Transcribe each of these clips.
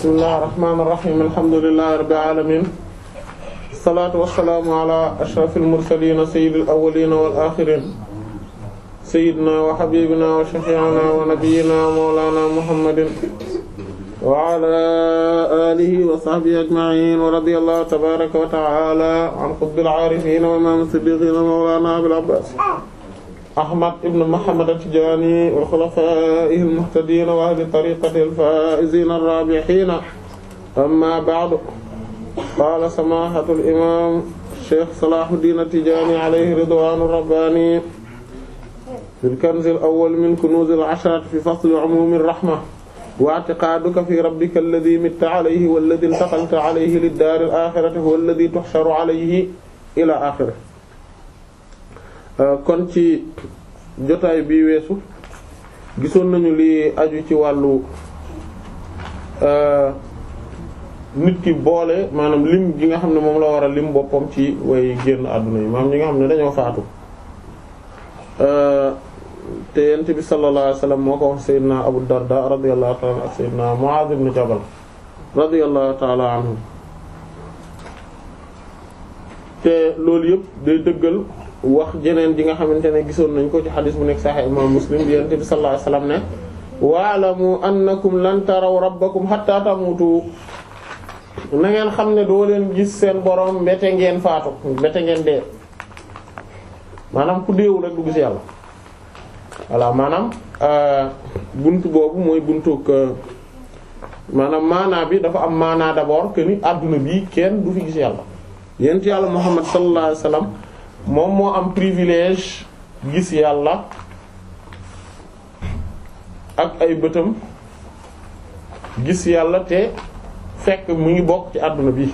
bismillahir rahmanir rahim alhamdulillahi rabbil alamin salaatu wassalaamu ala ashrafil mursalin sayyidil awwalin wal akhirin sayyidina wa habibina wa shafi'ina wa nabiyyina mawlana muhammadin wa ala alihi wa sahbihi ajma'in wa radiyallahu tabaraka wa ta'ala an qutbil arifin wa imam siddiqin mawlana abil abbas Ahmad ibn Muhammad at-Tijaani wa xulafaa'ihi al-muhtadiin wa ahli tariiqatihi al-faa'iziina ar-raabihiin amma ba'du qaala samaahatul imaam Cheikh Salaahudiin at-Tijaani alayhi ridwaanu rabbaani fil kanzil awwal min kunuuzil asharat fi fasli umuumir rahma wa i'tiqaaduka fi rabbika alladhii mitta alayhi walladhii intaqalta alayhi lid-daaril aaxirati huwa alladhii tuhsharu alayhi ilaa aaxirihi Euh, kon ci jotaay bii weesu gisoon nañu li aju ci wàllu euh, nit ki boole maanaam lim gi nga xam ne moom la war a lim boppam ci way génn àdduna yi maam ñi nga xam ne dañoo faatu euh, te yent bi sallallahu alayhi wasallam moo ko wax sayyidina Abu Darda radiyallahu ta'ala ak sayyidina Mu'adh ibn Jabal radiyallahu ta'ala anhu te loolu yëpp day dëggal wax jeneen ji nga xamante ne gisoon nañ ko ci xadis bu nekk Sahih imam Muslim bi Yonent bi sallallahu alayhi wasallam ne wa'lamu annakum lan taraw rabbakum hatta tamutu na ngeen xam ne doo leen gis seen borom mbete ngeen faatu mbete ngeen dee maanaam ku deewul rek du gis yàlla voilà maanaam euh, bunt boobu mooy buntuk euh, maanaam maanaa bi dafa am maanaa d'abord que ni àdduna bii kenn du fi gis yàlla yonent yàlla Muhammad sallallahu alayhi moom moo am privilège gis yàlla ak ay bëtam gis yàlla te fekk mu ngi bokk ci àdduna bi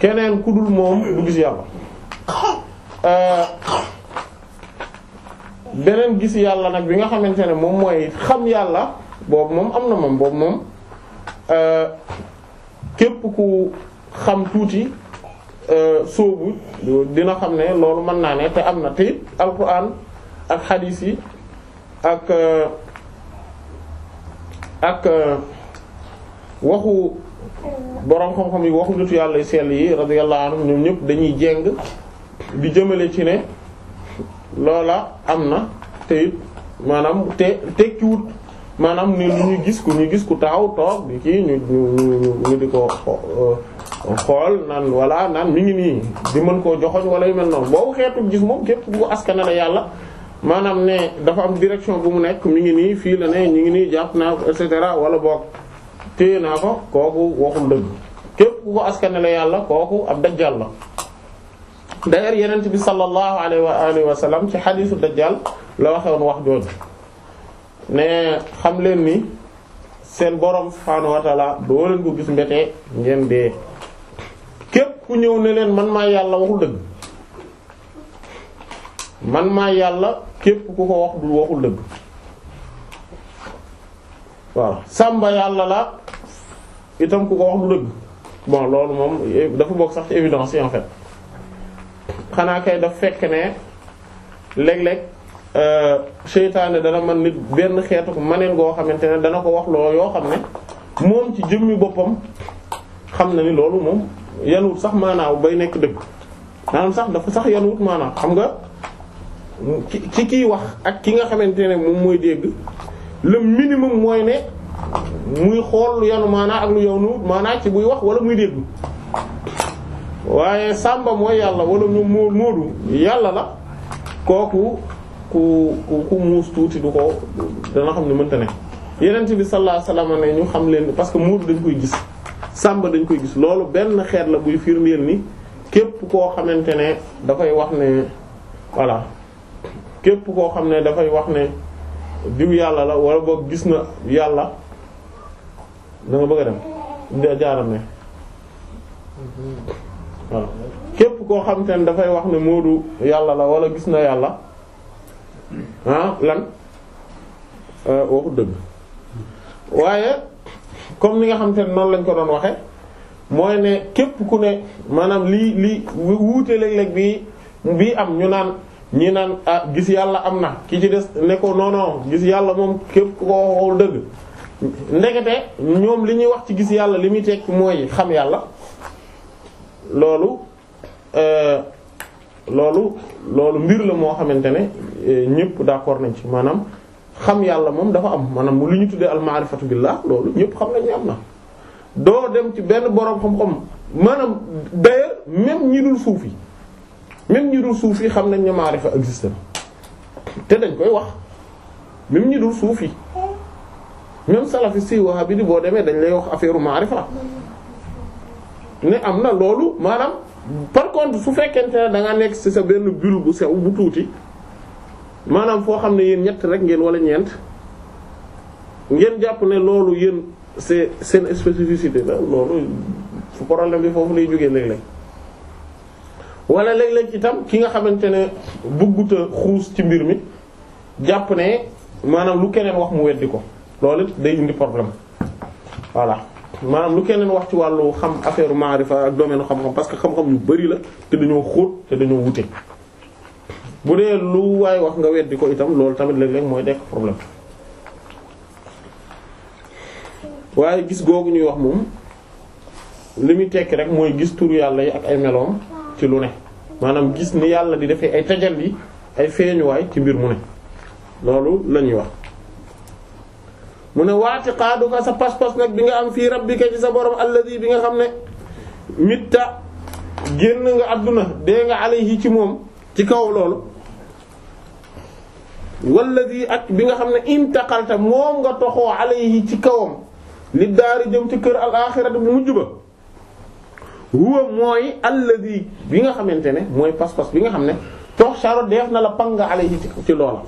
keneen ku dul moom du gis yàlla euh, beneen gis yàlla nag bi nga xamante ne moom mooy xam yàlla boobu moom am na moom boobu moom euh, képp ku xam tuuti Euh, sóobu dina xam ne loolu mën naa ne te am na te it alquran ak xadiis yi ak euh, ak euh, waxu boroom xam-xam yi waxu nitu yàlla sell yi radiyallahu anhum ñoom ñépp dañuy jéng bi jëmale ci ne loola am na te maanaam te tekkiwut maanaam ni lu ñu gis ku ñu gis ku taxaw toog di kii ñu ñu ñu di ko xool naan walla naan mi ngi nii di mën koo joxoñ wala yu mel noonu boobu xeetu gis moom képp bu askane la yàlla maanaam ne dafa am direction bu mu nekk mu ngi nii fii la ne ñu ngi nii jàpp naa ko et cetera wala boog téye naa ko kooku waxul dëgg képp ku ko askane la yàlla kooku ab dajjal la d'ailleurs yenent bi sallallahu alayhi wa alihi wa sallam ci xadiisu dajjal la waxewoon wax jooju ne xam leen ni seen boroom subhaanahu wa ta'ala doo leen ko gis mbete ngeen dee képp ku ñëw ne leen man maa yàlla waxul dëgg man maa yàlla képp ku ko wax du waxul dëgg waaw sàmba yàlla la itam ku ko wax du dëgg bon loolu moom eh, dafa bokk sax ci évidence yi en xanaa kay daf fekk ne léeg-léeg euh, seytaane dana man nit benn xeetu ko maneen goo xamante ne dana ko wax loo yoo xam ne moom ci jëmmi boppam xam na ni loolu moom yanuwut sax maanaaw bay nekk dëgg maanaam sax dafa sax yanuwut maanaaw xam nga ci ki kiy wax ak ki nga xamante ne moom mooy dégg le minimum mooy ne muy xool yanu maanaa ak lu yanuwut maanaa ci buy wax wala muy dégg waaye sàmba mooy yàlla wala mu moo moodu yàlla la kooku ku ku ku muus tuuti du ko dana xam ne mënta ne yeneen bi sallallahu alayhi wasallam ne ñu xam leen parce que moodu dañ koy gis sàmba dañ koy gis loolu benn xeet la buy firndeel ni képp koo xamante ne dafay wax ne voilà képp koo xam ne dafay wax ne diw yàlla la wala boog gis na yàlla da nga bëgg a dem jaaram ne képp koo xamante ne dafay wax ne Moodu yàlla la wala gis na yàlla ah euh, dëgg waaye comme ni nga xamante ne noonu lañ ko doon waxe mooy ne képp ku ne maanaam lii lii wuute léeg-léeg bii bii am ñu naan ñi naan ah gis yàlla am na ki ci des ne ko non non gis yàlla moom képp ko waxul dëgg ndekete ñoom li ñuy wax ci gis yàlla li muy tekki mooy xam yàlla loolu euh, loolu loolu mbir la moo xamante ne euh, ñépp d'accord nañ ci maanaam xam yàlla moom dafa am maanaam li ñu tuddee almaarifatu billah loolu ñëpp xam nañ ne am na. doo dem ci benn boroom xam-xam maanaam d'ailleurs même ñi dul suufi même ñi dul suufi xam nañ ne maarifa existe na te dañ koy wax même ñi dul suufi même salafiste yi boo demee dañ lay wax affaire maarifa ne am na loolu maanaam par contre su fekkente ne danga nekk ci sa benn bulle bu sew bu tuuti. maanaam foo xam ne yéen ñett rek ngeen wala ñeent ngeen jàpp ne loolu yéen c'est seen spécificité la loolu problème bi foofu lay jógee léeg-léeg wala léeg-léeg itam ki nga xamante ne bu a xuus ci mbir mi jàpp ne maanaam lu keneen wax mu weddi ko loolu day indi problème voilà maanaam lu keneen wax ci wàllu xam affaire maarifa ak domaine xam-xam parce que xam-xam yu bari la te dañoo xóot te dañoo wute bu dee lu waay wax nga weddi ko itam loolu tamit léeg-léeg mooy nekk problème waaye gis googu ñuy wax moom li muy tekki rek mooy gis tur yàlla yi ak ay meloom ci lu ne maanaam gis ni yàlla di defee ay tajal yi ay feeñuwaay ci mbir mu ne loolu lañuy wax mu ne waati xaaduka sa pas-pas nag bi nga am fii rabbika ci sa borom di bi nga xam ne mitta génn nga àdduna dee nga alayhi ci moom ci kaw loolu walladi ak bi nga xam ne intaqalta moom nga toxoo alayhi ci kawam li daari jëm ci kër al di bu mujj ba huwa mooy alladi bi nga xamante ne mooy pas-pas bi nga xam ne tox charo def na la pang alayhi ci ci loola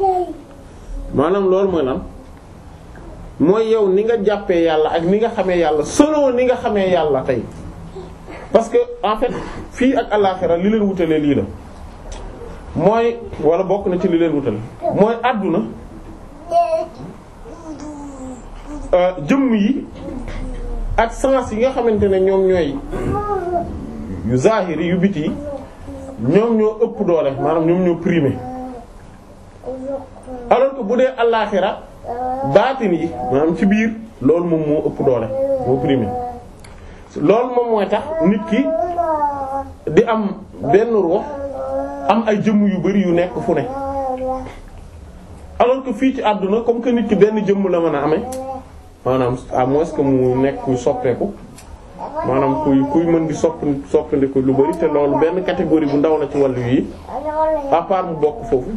maanaam loolu mooy lan mooy yow ni nga jàppee yàlla ak ni nga xamee yàlla selon ni nga xamee yàlla tey parce que en fait fii ak alaxira li leen wutalee lii la mooy wala bokk na ci li leen wutal mooy àdduna euh, jëmm yi ak sens yi nga xamante ne ñoom ñooy yu zahiri yu biti yi ñoom ñoo ëpp doole maanaam ñoom ñoo primé alors que bu dee àllaaxira baatin yi maanaam ci biir loolu moom moo ëpp doole moo primé loolu moom mooy tax nit ki di am benn ruux am ay jëmm yu bari yu nekk fu ne alors que fii ci àdduna comme que nit ki benn jëmm la mën a amee maanaam à moins que mu nekk kuy soppeeku maanaam kuy kuy mën di sopp soppandiku lu bari te loolu benn catégorie bu ndaw la ci wàllu yi à part mu bokk foofu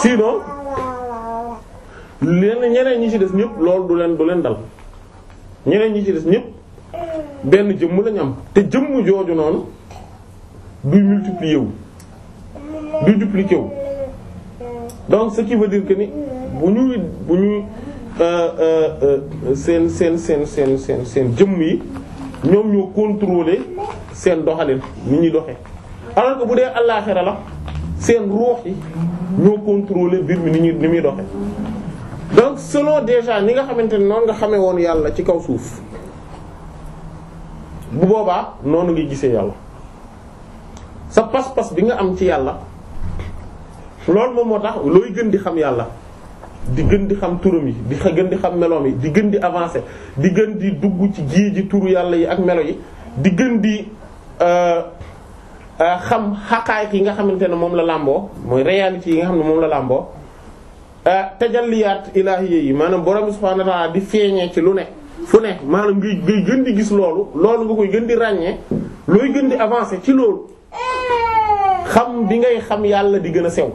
sinon leneen ñeneen ñi ci des ñépp lool du leen du leen dal ñeneen ñi ci des ñépp benn jëmm lañ am te jëmm jooju noonu duy multiplier wu. du dupliqué wu donc ce qui veut dire que ni bu ñuy bu ñuy euh, euh, euh, seen seen seen seen seen seen jëmm yi ñoom ñoo contrôler seen doxalin ni ñuy doxee alors bu dee àllaaxira la seen ruux yi ñoo contrôler mbir mi ni ñuy ni muy doxee donc selon déjà ni nga xamante ne noonu nga xamee woon yàlla ci kaw suuf bu boobaa noonu ngi gisee yàlla sa pas-pas bi nga am ci yàlla loolu moom moo tax looy gën di xam yàlla di gën di xam turam yi di gën di xam meloom yi di gën di avancer di gën di dugg ci géej ji turu yàlla yi ak melo yi di gën di euh, euh, xam xaqaay yi nga xamante ne moom la làmboo mooy réalité yi nga xam ne moom la làmboo euh, tajalliyaat ilaahiyya yi maanaam borom subhaanahu wa ta'aala di feeñee ci lu ne fu ne maanaam ngay ngay gën di gis loolu loolu nga koy gën di ràññee looy gën di avancer ci loolu xam bi ngay xam yàlla di gën a sew.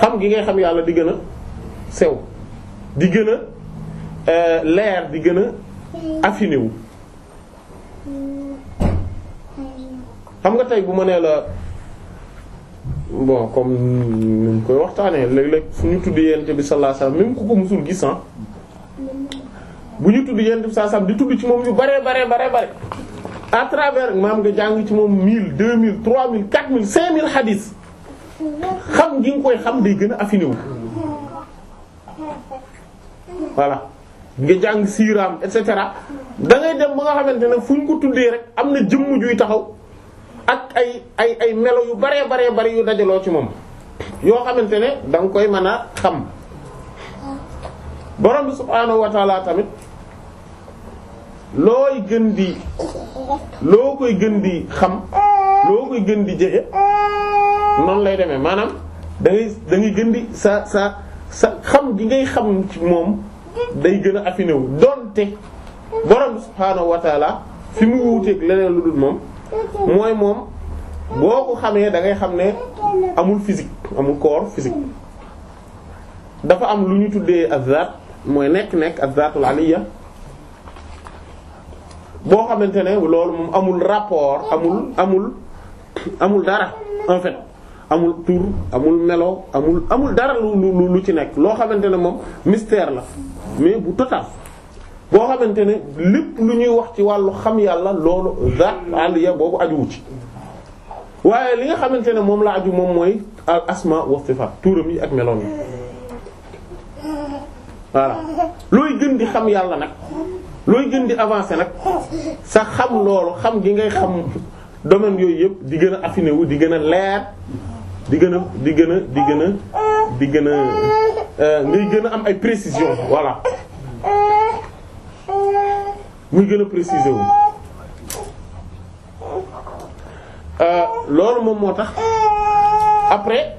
xam gi ngay xam yàlla di gën a sew di gën a euh, leer di gën a affiné wu xam nga tey bu ma nee la bon comme ni ñu koy waxtaanee léeg-léeg fu ñu tudd yent bi sallallahu alayhi wasallam même ku ko musul gis ah bu ñu tudd yent bi sallallahu alayhi wasallam di tudd ci moom yu bare bare bare bare à travers maam nga jàng ci moom mille deux mille trois mille quatre mille cinq mille hadith xam gi nga koy xam day gën a affiné wu voilà nga jàng siiraam et cetera da ngay dem ba nga xamante ne fu ñu ko tuddee rek am na jëmm juy taxaw ak ay ay ay melo yu baree baree bari yu dajaloo ci moom yoo xamante ne danga koy mën a xam borom bi subhaanahu tamit looy gën di loo koy gën di xam loo koy gën di jege noonu lay demee maanaam da dangay da gën di sa sa sa xam gi ngay xam ci moom day gën a affiné wu donte borom subhaanahu wa fi mu wuuteeg leneen lu dul moom mooy moom boo ko xamee da ngay xam ne amul fisik amul corps fisik dafa am lu ñu tuddee azat mooy nekk-nekk azatul aliya boo xamante ne loolu moom amul rapport amul amul amul dara en amul tur amul melo amul amul dara lu lu lu ci nekk loo xamante ne moom mystère la mais bu total boo xamante ne lépp lu ñuy wax ci wàllu xam yàlla loolu da àll ya boobu ajuwu ci waaye li nga xamante ne moom la aju moom mooy al asma wa sifaat turam yi ak meloom yi voilà looy gën di xam yàlla nag looy gën di avancer nag sa xam loolu xam gi ngay xam domaine yooyu yëpp di gën a affiné di gën a leer di gën a di gën a di gën a di gën a euh, ngay gën a am ay précision voilà muy gën a préciser wu. Euh, loolu moom moo tax après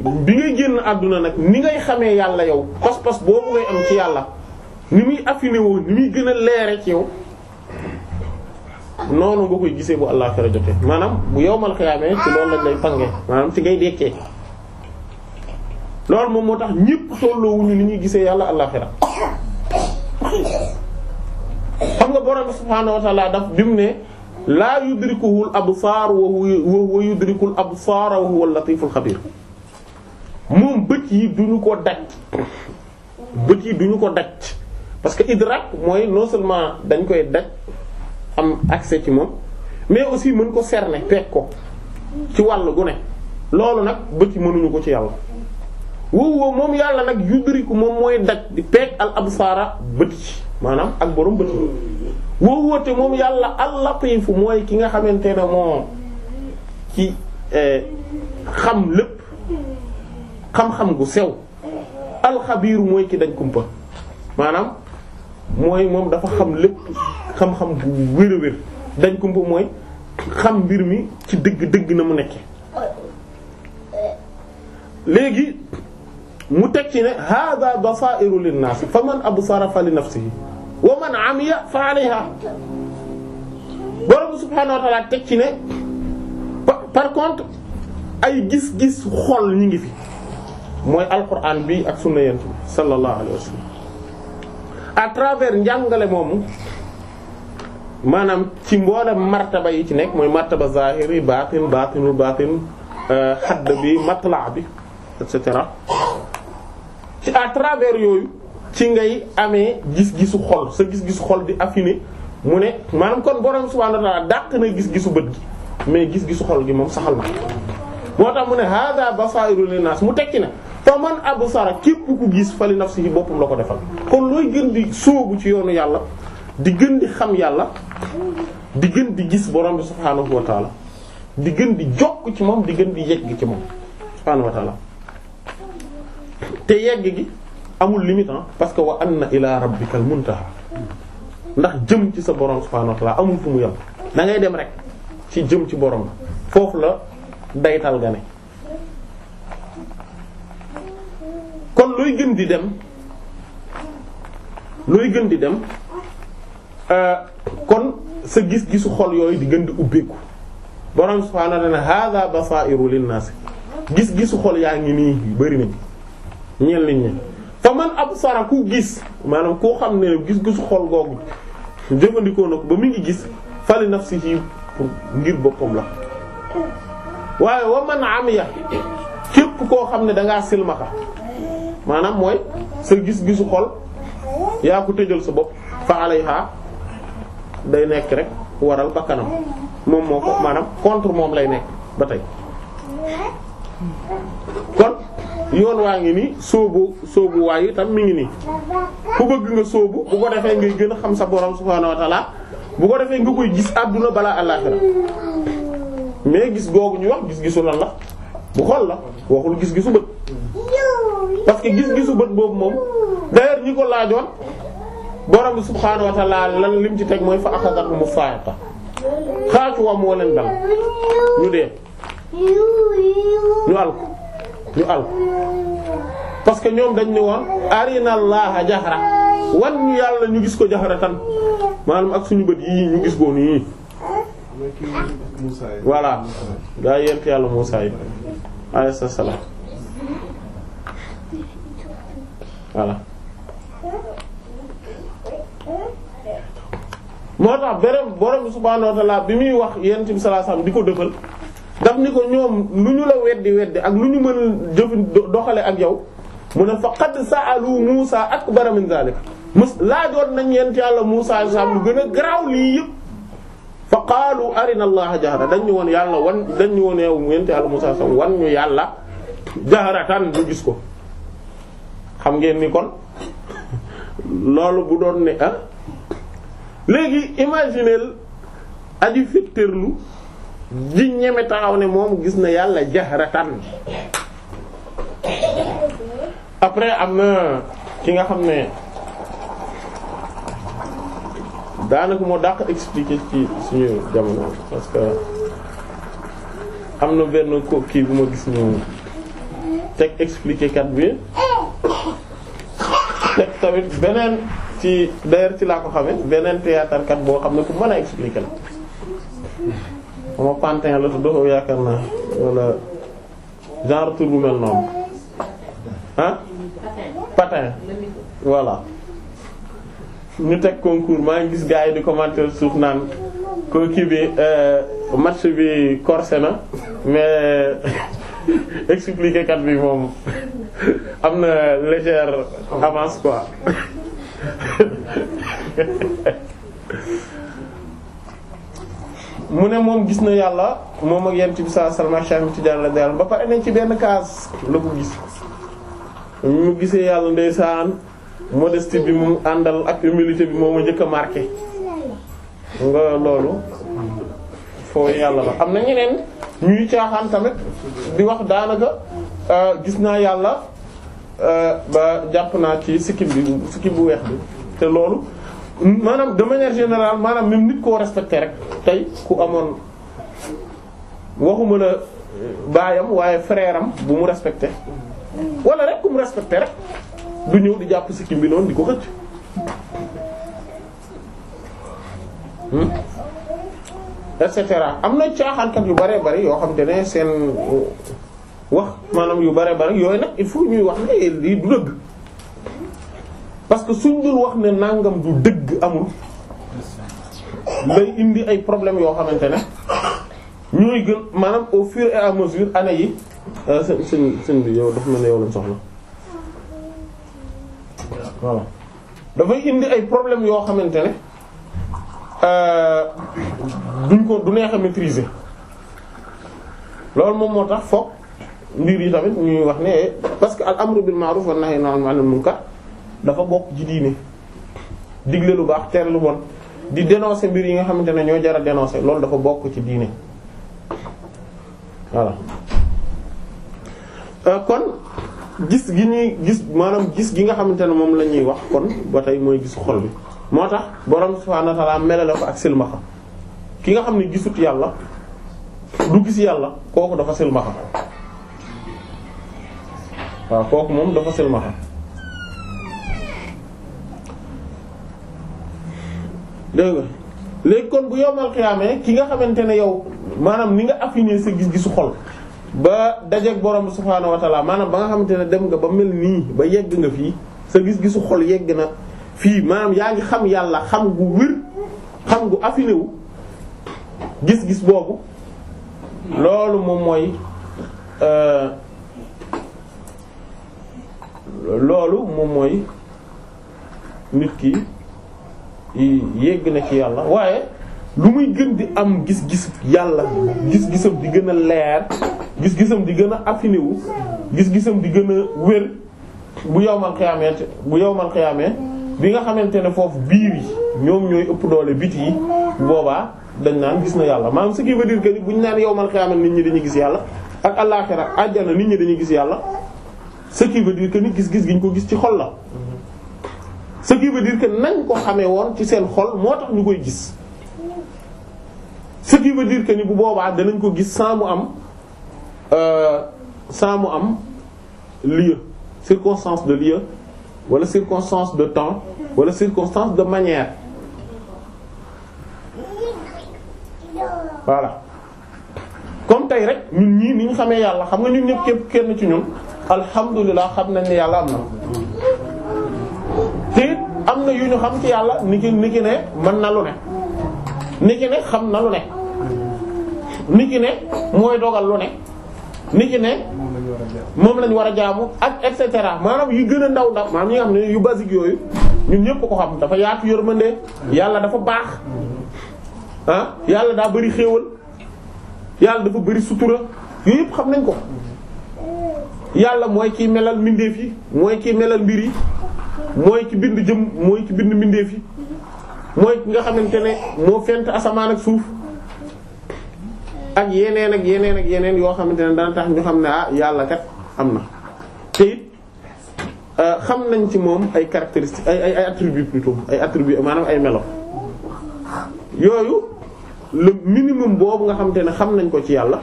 bi ngay génn àdduna nag ni ngay xamee yàlla yow pas-pas boobu ngay am ci yàlla ni muy affiné woo ni muy gën a leere ci yow. noonu nga koy gisee bu àllaaxira jotee maanaam bu yowmal xiyaamee ci loolu lañ lay pange maanaam ci ngay dekkee loolu moom moo tax ñépp tolloowuñu ni ñuy gisee yàlla àllaaxira xam nga borom subhaanahu wa ta'aala daf bi mu ne laa yudrikuhul absaar wa huwa yudrikul absaar wa huwa latiful xabiir moom bët yi duñu ko daj bët yi duñu ko daj parce que idrak mooy non dañ koy daj am accès ci moom mais aussi mën ko cerner peeg ko ci wàll gu ne loolu nag bët yi mënuñu ko ci yàlla wow moom yàlla nag yudriku moom mooy daj di peeg al absaara bët yi maanaam ak borom bët yi wow te moom yàlla al latifu mooy ki nga xamante ne moo ci eh, xam lépp xam-xam gu sew alxabiiru mooy ki dañ kumpa maanaam mooy moom dafa xam lépp xam-xam bu wér wér dañ ko mbu mooy xam mbir mi ci dëgg dëgg na mu nekke léegi mu teg ci ne hada basairu linnaas fa man absara fa li nafsihi wa man amiya fa alayha borom subhaanahu wa ta'ala teg ci ne par contre ay gis-gis xol ñu ngi fi mooy alquran bi ak sunna yent bi sallallahu à travers njàngale moomu maanaam ci mboolem martaba yi ci nekk mooy martaba zahiri baatin baatinul baatin xadd euh, bi matlaa bi et cetera ci à travers yooyu ci ngay amee gis-gisu xol sa gis-gisu xol di affiné mu ne maanaam kon borom subhaanahu wa ta'ala dàq na gis-gisu bët gi mais gis-gisu xol gi moom saxal na moo tax mu ne hada basairu linnas mu tekki na man faman absara képp ku gis fali si boppam la ko defal kon looy gën di sóobu ci yoonu yàlla di gën di xam yàlla di gën di gis borom bi subhaanahu di gën di jokk ci moom di gën di yegg ci moom subhaanahu wa taala te yegg gi amul limite ah, parce que wa anna ila rabbikal muntaha ndax jëm ci sa borom subhaanahu amul fu mu yem da dem rek ci jëm ci borom foofu la daytal ga kon looy gën di dem looy gën di dem euh, kon sa gis-gisu xol yooyu di gën di ubbeeku borom subhaanahu wa ta'aala haaza basaa'iru linnaas gis-gisu xol yaa ngi nii bari nañ ñeel nit fa man absara ku gis maanaam koo xam ne gis-gisu xol googu jëfandikoo na ko ba mu ngi gis fali nafsihi ngir boppam la waaye wa man amiya képp koo xam ne dangaa silmaxa maanaam mooy sa gis-gisu xol yaa ko tëjal sa bopp fa alayha day nekk rek waral bakkanam moom moo ko maanaam contre moom lay nekk ba tey kon yoon waa ngi nii sóobu sóobu waay yi tam mi ngi nii ku bëgg nga sóobu bu ko defee ngay gën a xam sa borom subhaanahu wa bu ko defee nga koy gis àdduna balaa àllaaxira mais gis googu ñu wax gis-gisu lan la bu xol la waxul gis-gisu bët parce que gis-gisu bët boobu moom d'ailleurs ñi ko laajoon borom bi lan lim ci teg mooy fa axadahumu saa'iqa xaatu wa moo leen dal ñu dee ñu alku ñu alku parce que ñoom dañ ne woon arina allaha jahra ñu yàlla ñu gis ko jahra tan maanaam ak suñu bët yii ñu gis ko nii voilà gaa yent yàlla Muusaa yi alayhi salaam voilà moo tax beneen borom subhaanahu wa bi muy wax yonent bi di ko dëfal daf ni ko ñoom lu ñu la weddi weddi ak lu ñu mën jëf doxale ak yow mu ne faqad sa'alu Muusaa akbara min zaalika mos laajoon nañ yonent yàlla Muusaa sam lu gën a garaaw lii yëpp fa qaalu arina allaha jahra dañ ñu woon yàlla wan dañ ñu woon yow yàlla Muusaa sam wan ñu yàlla jahratan ñu gis ko xam ngeen ni kon loolu bu doon ne ah léegi imagineel aji fittirlu ji ñeme taxaw ne moom gis na yàlla jahratan après am na ki nga xam ne daanaka moo dàq explique ci suñu jamono parce que am na benn kii bu ma gis ñu teg expliquer bi tamit beneen ci d'ailleurs ci laa ko xame beneen théâtre kat boo xam ne ko mën a expliquer la moom Pantin la tuddoo yaakaar naa wala genre tur bu mel noonu ah. Patin voilà ñu teg concours maa ngi gis gars yi di commenter suuf naan kooku bi euh, match bi corsé na mais. expliquer kat bi moom am na légère avance quoi mu ne moom gis na yàlla moom ak yent bi sallallahu alayhi wasallam ci jàll la ba pare ne ci benn kaas la ko gis mu gisee yàlla ndeysaan modestie bi mu àndal ak humilité bi moo ma njëkk a nga loolu foo yàlla la am na ñeneen ñuy caaxaan tamit di wax daanaka euh, gis naa yàlla euh, ba jàpp naa ci sikkim bi sikkim bu weex bi te loolu maanaam de manière générale maanaam même nit koo respecte rek tey ku amoon waxuma la baayam waaye frère bu mu respecté wala rek ku mu respecté rek du ñëw di jàpp sikkim bi noonu di ko xëcc hmm? et cetera am na caaxaankat yu bare bari yoo xam te ne seen uh, wax maanaam yu bare bari yooyu nag il faut ñuy wax ne lii du dëgg parce que suñ dul wax ne nangam du dëgg amul day indi ay problèmes yoo xamante ne ñooy gën maanaam au fur et à mesure année yi seen seen seen bi yow dafa mel ne yow lañ soxla dafay indi ay problèmes yoo xamante ne. Euh, duñ ko du neex a maîtriser loolu moom moo tax foog mbir yi tamit ñuy wax ne parce que al amru bil ma'ruf wan nahyu anil munkar dafa bokk ci diine digle lu baax tere lu bon di dénoncer mbir yi nga xamante ne ñoo jar a dénoncer loolu dafa bokk ci diine voilà euh, kon gis gi ñuy gis maanaam gis gi nga xamante ne moom la ñuy wax kon ba tey mooy gis xol bi moo tax borom subhaanahu wa ta'aala melale ko ak silmaxa ki nga xam ne gisut yàlla du gis yàlla kooku dafa silmaxa waaw kooku moom dafa silmaxa dégg léegi kon bu yomal xiyaamee ki nga xamante ne yow maanaam ni nga affiné sa gis-gisu xol ba dajeeg borom subhaanahu wa maanaam ba nga xamante ne dem nga ba mel nii ba yegg nga fii sa gis-gisu xol yegg na. fii maanaam yaa ngi xam yàlla xam gu wér xam gu affiné wu gis-gis boobu loolu moom mooy euh, loolu moom mooy nit ki yegg na ci yàlla waaye lu muy gën di am gis-gis yàlla gis-gisam di gën a leer gis-gisam di gën a affiné wu gis-gisam di gën a wér bu yowmal xiyaamee bu yowmal xiyaamee bi nga xamante ne foofu biir yi ñoom ñooy ëpp doole biti yi boobaa dañ naan gis na yàlla maanaam ce qui veut dire que ni bu ñu naan yowmal xiyaama nit ñi dañuy gis yàlla ak àllaaxira àjjana nit ñi dañuy gis yàlla ce qui veut dire que ni gis-gis gi ñu ko gis ci xol la. ce qui veut dire que nañ ko xamee woon ci seen xol moo tax ñu koy gis ce qui veut dire que ni bu boobaa danañ ko gis sans mu am euh, sans mu am lieu circonstance de lieu. wala circonstance de temps wala circonstance de manière voilà comme tey rek ñun ñii ni ñu xamee yàlla xam nga ñu ñëpp képp kenn ci ñun alhamdulilah xam nañ ne yàlla am na te am na yu ñu xam ci yàlla ni ki ni ki ne mën na lu ne ni ki ne xam na lu ne ni ki ne mooy dogal lu ne ni ki ne moom lañ war a jaamu ak et cetera maanaam yu gën a ndaw ndaw maanaam yi nga xam ne yu basique yooyu ñun ñëpp ko xam dafa yaatu yërmande yàlla dafa baax ah, yàlla daa bari yàlla dafa bari sutura yooyu yëpp xam nañ ko yàlla mooy kiy melal mbindeef yi mooy kiy melal mbir yi mooy ki bind jëm mooy ki bind mbindeef yi mooy ki nga xamante ne moo fent asamaan ak suuf ak yeneen ak yeneen ak yeneen yoo xamante ne dana tax ñu xam ne ah yàlla kat am na te euh, xam nañ ci moom ay caractéristiques ay ay ay ay attributs maanaam ay melo yooyu le minimum boobu nga xamante ne xam nañ ko ci yàlla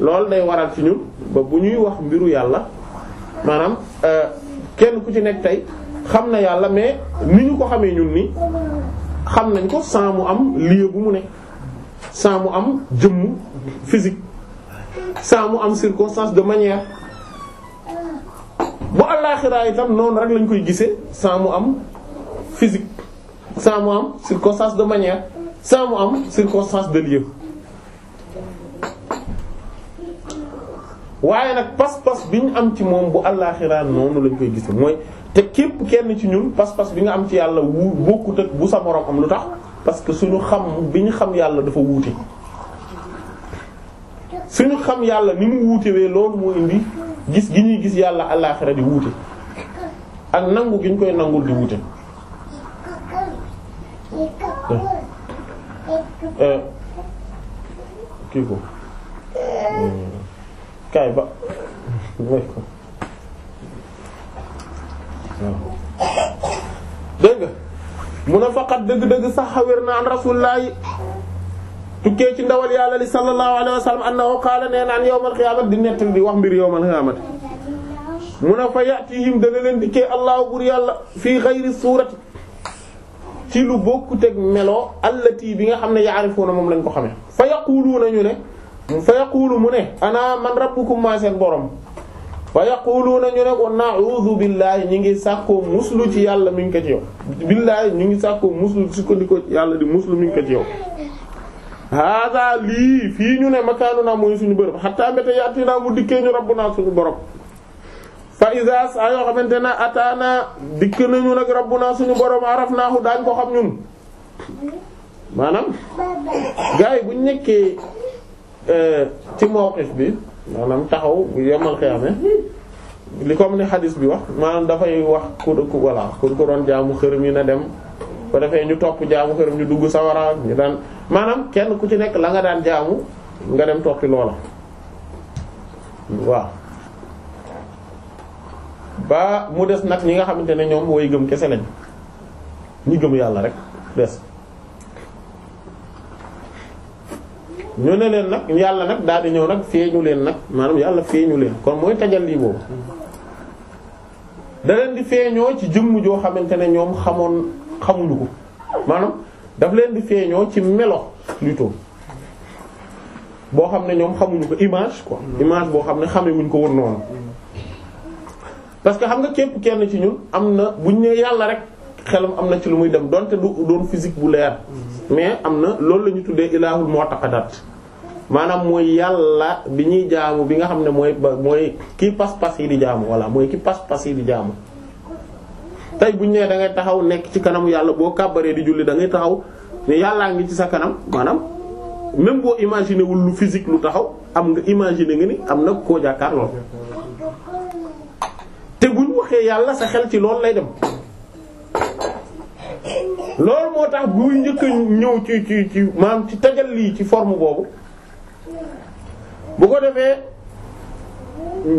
loolu day waral ci ñun ba bu ñuy wax mbiru yàlla maanaam euh, kenn ku ci nekk tey xam na yàlla mais ni ñu ko xamee ñun ni xam nañ ko sans mu am lieu bu mu ne sans mu am jëmm physique sans mu am circonstance de manière bu àllaaxira itam noonu rek lañ koy gisee sans mu am physique sans mu am circonstance de manière sans mu am circonstance de lieu waaye nag pas-pas bi ñu am ci moom bu àllaaxira noonu lañ koy gisee mooy te képp kenn ci ñun pas-pas bi nga am ci yàlla wu bokkut ak bu sa moroom am lu tax. parce que suñu xam bi ñu xam yàlla dafa wuute suñu xam yàlla ni mu wuutewee loolu moo indi gis gi ñuy gis yàlla àllaaxira di wuute ak nangu gi ñu koy nangul di wuute eh. Eh. kii hmm. kaay ba mu ne faqat dëgg-dëgg sax wér na an rasulillahi tukkee ci ndawal yàlla li sallallahu alayhi wa sallam annahu qaala nee naan yawmal qiyaamati di nettali di wax mbir yawmal qiyaamati mu ne fa ya'tihim dana leen dikkee allahu bur yàlla fii ghayri suurati ci lu bokkuteg meloo allati bi nga xam ne ya'rifuuna moom lañ ko xamee. fa yaquluuna ñu ne fa yaqulu mu ne ana man rabbukum maa seen borom. wa yaquluuna ñu ne ko na'udhu billahi ñu ngi sàkkoo muslu ci yàlla mi ngi ko ci yow billahi ñu ngi sàkkoo muslu sukkandikoo ci yàlla di muslu mi ngi ko ci yow hada lii fii ñu ne makaanu naa mooy suñu bërëb xataa mbéte yaati naa mu dikkee ñu rabbu naa suñu borom fa saa yoo xamante na ataana dikk nañu nag rabbu naa suñu borom araf naahu daañ ko xam ñun maanaam gars yi buñ nekkee euh, ci mawqif bi maanaam taxaw yomal xiyaame li ko comme ne xadis bi wax maanaam dafay wax ku ku voilà ku ko doon jaamu xërëm yi na dem ko defee ñu topp jaamu xërëm ñu dugg sawara ñu daan maanaam kenn ku ci nekk la nga daan jaamu nga dem toppi loola waaw ba mu des nag ñi nga xamante ne ñoom woy gëm kese lañ ñi gëm yàlla rek des ñu ne leen nag yàlla nag daal di ñëw nag feeñu leen nag maanaam yàlla feeñu leen kon mooy tajalli boobu da di feeñoo ci jëmm joo xamante ne ñoom xamoon xamuñu ko maanaam daf leen di feeñoo ci melo plutôt boo xam ne ñoom xamuñu ko image quoi image boo xam ne xamee wuñ ko woon noonu parce que xam nga képp kenn ci ñun am na buñ ne yàlla rek xelam am na ci lu muy dem donte du doon physique bu leer mais am na loolu la ñu tuddee ilaahul mu'taqadat maanaam mooy yàlla bi ñuy jaamu bi nga xam ne mooy mooy kii pas-pas yi di jaamu walla mooy kii pas-pas yi di jaamu tey bu ñu nee da ngay taxaw nekk ci kanamu yàlla boo kàbbaree di julli dangay ngay taxaw ne yàllaa ngi ci sa kanam maanaam même boo imaginer wul lu physique lu taxaw am nga imaginer nga ni am na koo jàkkaar lool te buñ waxee yàlla sa xel ci loolu lay dem. loolu moo tax buy njëkk a ñëw ci ci ci maanaam ci tajal lii ci forme boobu bu ko defee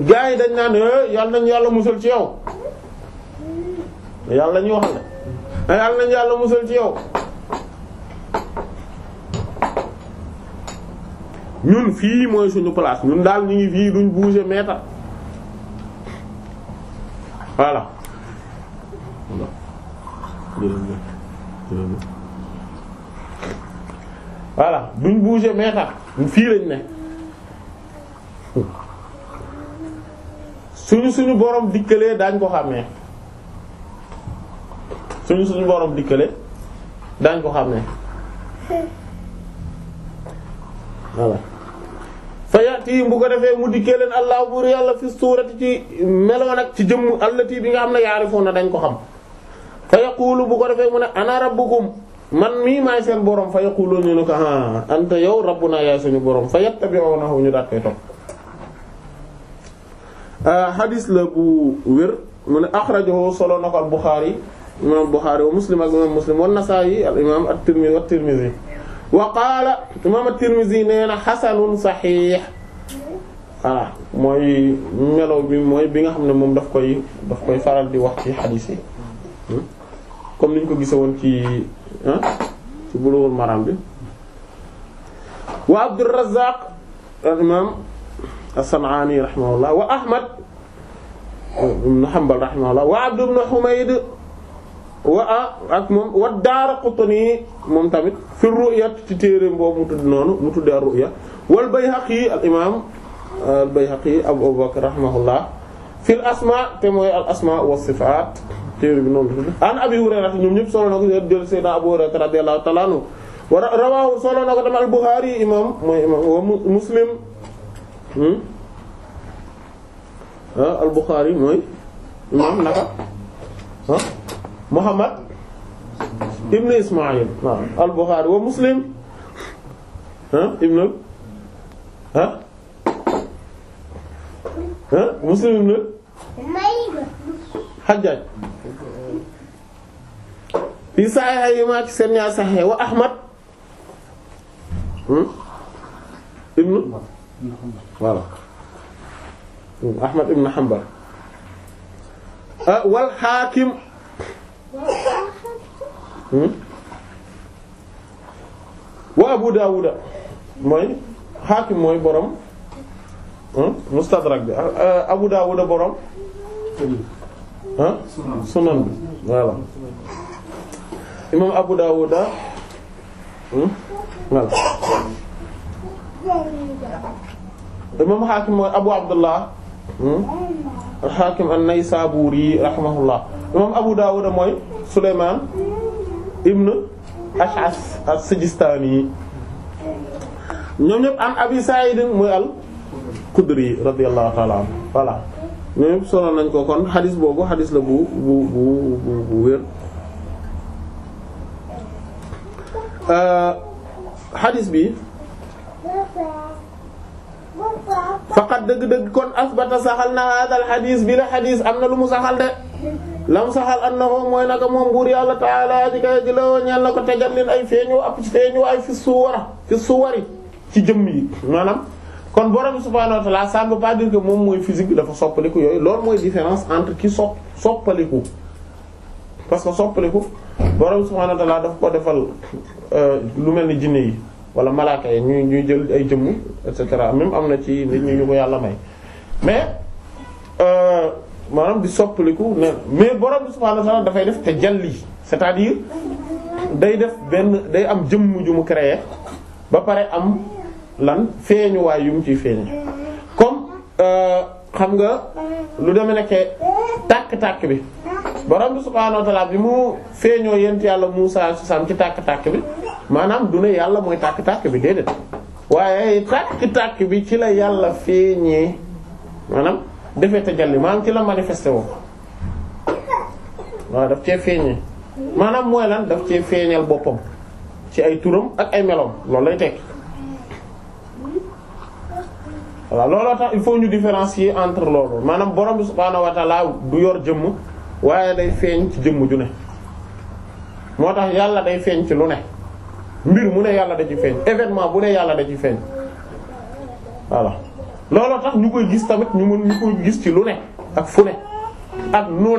gars yi dañ naan eh, yàlla nañu yàlla musal ci yow yàlla ñu wax la eh, yàlla nañu yàlla musal ci yow ñun fii mooy suñu place ñun daal ñu ngi fii duñ bouger mètre voilà. voilà duñ bouger meetar fii lañ ne suñu suñu borom dikkalee daañ ko xàmmee suñu suñu borom dikkalee daañ ko xàmmee voilà fa yati bu ko defee mu dikkee leen allah buur yàlla fi suurati ci meloon ak ci jëmm allati bi nga xam ne yaarifoon na dañ ko xam fa yaqulu bu ko defee mu ne ana rabbukum man mii maay seen borom fa yaqulu ñu ne ko ah anta yow rabbuna yaay suñu boroom fa yattabi'unahu ñu daat koy topp. Euh, hadis la bu wér mu ne akhrajahu solo na ko al Bukhari imaam Bukhari wa muslim ak imaam muslim wa Nasa'i al imaam at-Tirmidhi wa at-Tirmidhi wa qaala imaam at-Tirmidhi nee na hasanun mooy melo bi mooy bi nga xam ne moom daf koy daf koy faral di wax ci hadis yi. comme ni ñu ko gise woon ci ah ci Bulughul Maram bi wa Abdur Razzaq al imam as-San'ani rahimahullah wa Ahmad ibn Hanbal rahimahullah wa Abd ibn Humayd wa ak moom wa Daaraqutni moom tamit fi ru'ya ci téereem boobu mu tudd noonu mu tudd ar-ru'ya wal Bayhaqi al imam al Bayhaqi Abu Bakr rahimahullah fil asma te mooy al asma wa sifaat téere bi noonu an Abi Hurayra ñoom ñëpp solo na ko jël Seydina Abu Hurayra radiyallahu ta'ala anhu solo na ko tam hmm? al-Bukhari mooy imam wa Muslim ah mooy imam naka Muhammad ibn Isma'il waaw al-Bukhari Muslim ibn ibn Hajjaj fi saxiixa yi maa ci seen ñaar wa Ahmad hmm? ibnu voilà Ahmad ibnu Hanbal ah, wal Haakim hmm? wa Abu Daawuda mooy Haakim mooy borom hmm? Mustadrak bi ah, Abu Daawuda borom sunan ah? bi voilà imaam Abu Dawud voilà ah? hmm? imaam Hakim mooy Abu Abdullah al-Hakim hmm? an-Naysaburi rahimahullah imaam Abu Dawud mooy Sulaymaan ibn Ash'as as-Sijistani ñoom ñëpp an Abi Sa'id mooy al-Khudri radiyallahu ta'ala anhu voilà ñoom ñëpp solo nañ ko kon xadis boobu xadis la bu bu bu bu wér. xadis euh, bi faqat dëgg-dëgg kon asbata saxal na hadal xadis bi la xadis am na lu mu saxal de lam saxal annahu mooy naka moom buur yàlla taala ji kay ji lawo ñeel na ko tegallin ay feeñu ab feeñu ay fi suwara fi suwari ci jëmm yi maanaam kon borom subhanahu wa ta'ala ça pas dire que moom mooy physique bi dafa soppaliku yooyu loolu mooy différence entre ki sopp soppaliku parce que soppaliku borom subhanahu wa ta'ala daf ko defal Euh, lu mel ni jinne yi wala malaaka yi ñuy jël ay jëmm et cetera même am na ci nit ñi ñu ko yàlla may mais euh, maanaam di soppaliku ne mais borom bi subhaanahu wa ta'aala dafay def te jalli c'est-à-dire day def benn day am jëmm ju mu ba pare am lan feeñuwaay yu mu ciy feeñe comme euh, xam nga lu deme nekke tàkk-tàkk bi borom bi subhaanahu wa bi mu feeñoo yent yàlla Muusaa sam ci tàkk-tàkk bi maanaam du ne yàlla mooy tàkk-tàkk bi déedéet waaye tàkk-tàkk bi ci la yàlla feeñee maanaam defee tajalli maanaam ci la manifesté woo waaw daf cee feeñee maanaam mooy lan ci cee feeñal boppam ci ay turam ak ay meloom loolu lay tekki voilà looloo tax il ñu ñu yi entre loolu maanaam borom bi subhaanahu wa du yor jëmm waaye day feeñ ci jëmm ju ne moo tax yàlla day feeñ ci lu ne mbir mu ne yàlla da ci feeñ événement bu ne yàlla da ci feeñ voilà looloo tax ñu koy gis tamit ñu mën ñu koy gis ci lu ne ak fu ak nu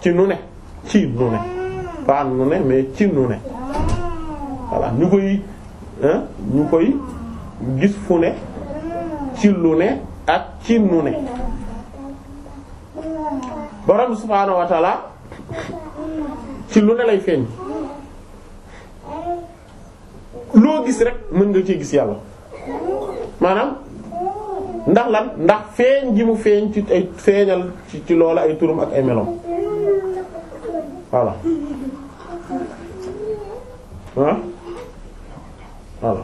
ci nu ne ci nu ne mais ci nu ne voilà koy ñu koy gis fu ne ci lu ne ak ci nu ne borom subhaanahu wa ci lu ne lay feeñ loo gis rek mën nga cee gis yàlla maanaam ndax lan ndax feeñ ji mu feeñ ci ay feeñal ci loola ay turum ak ay meloom voilà ah voilà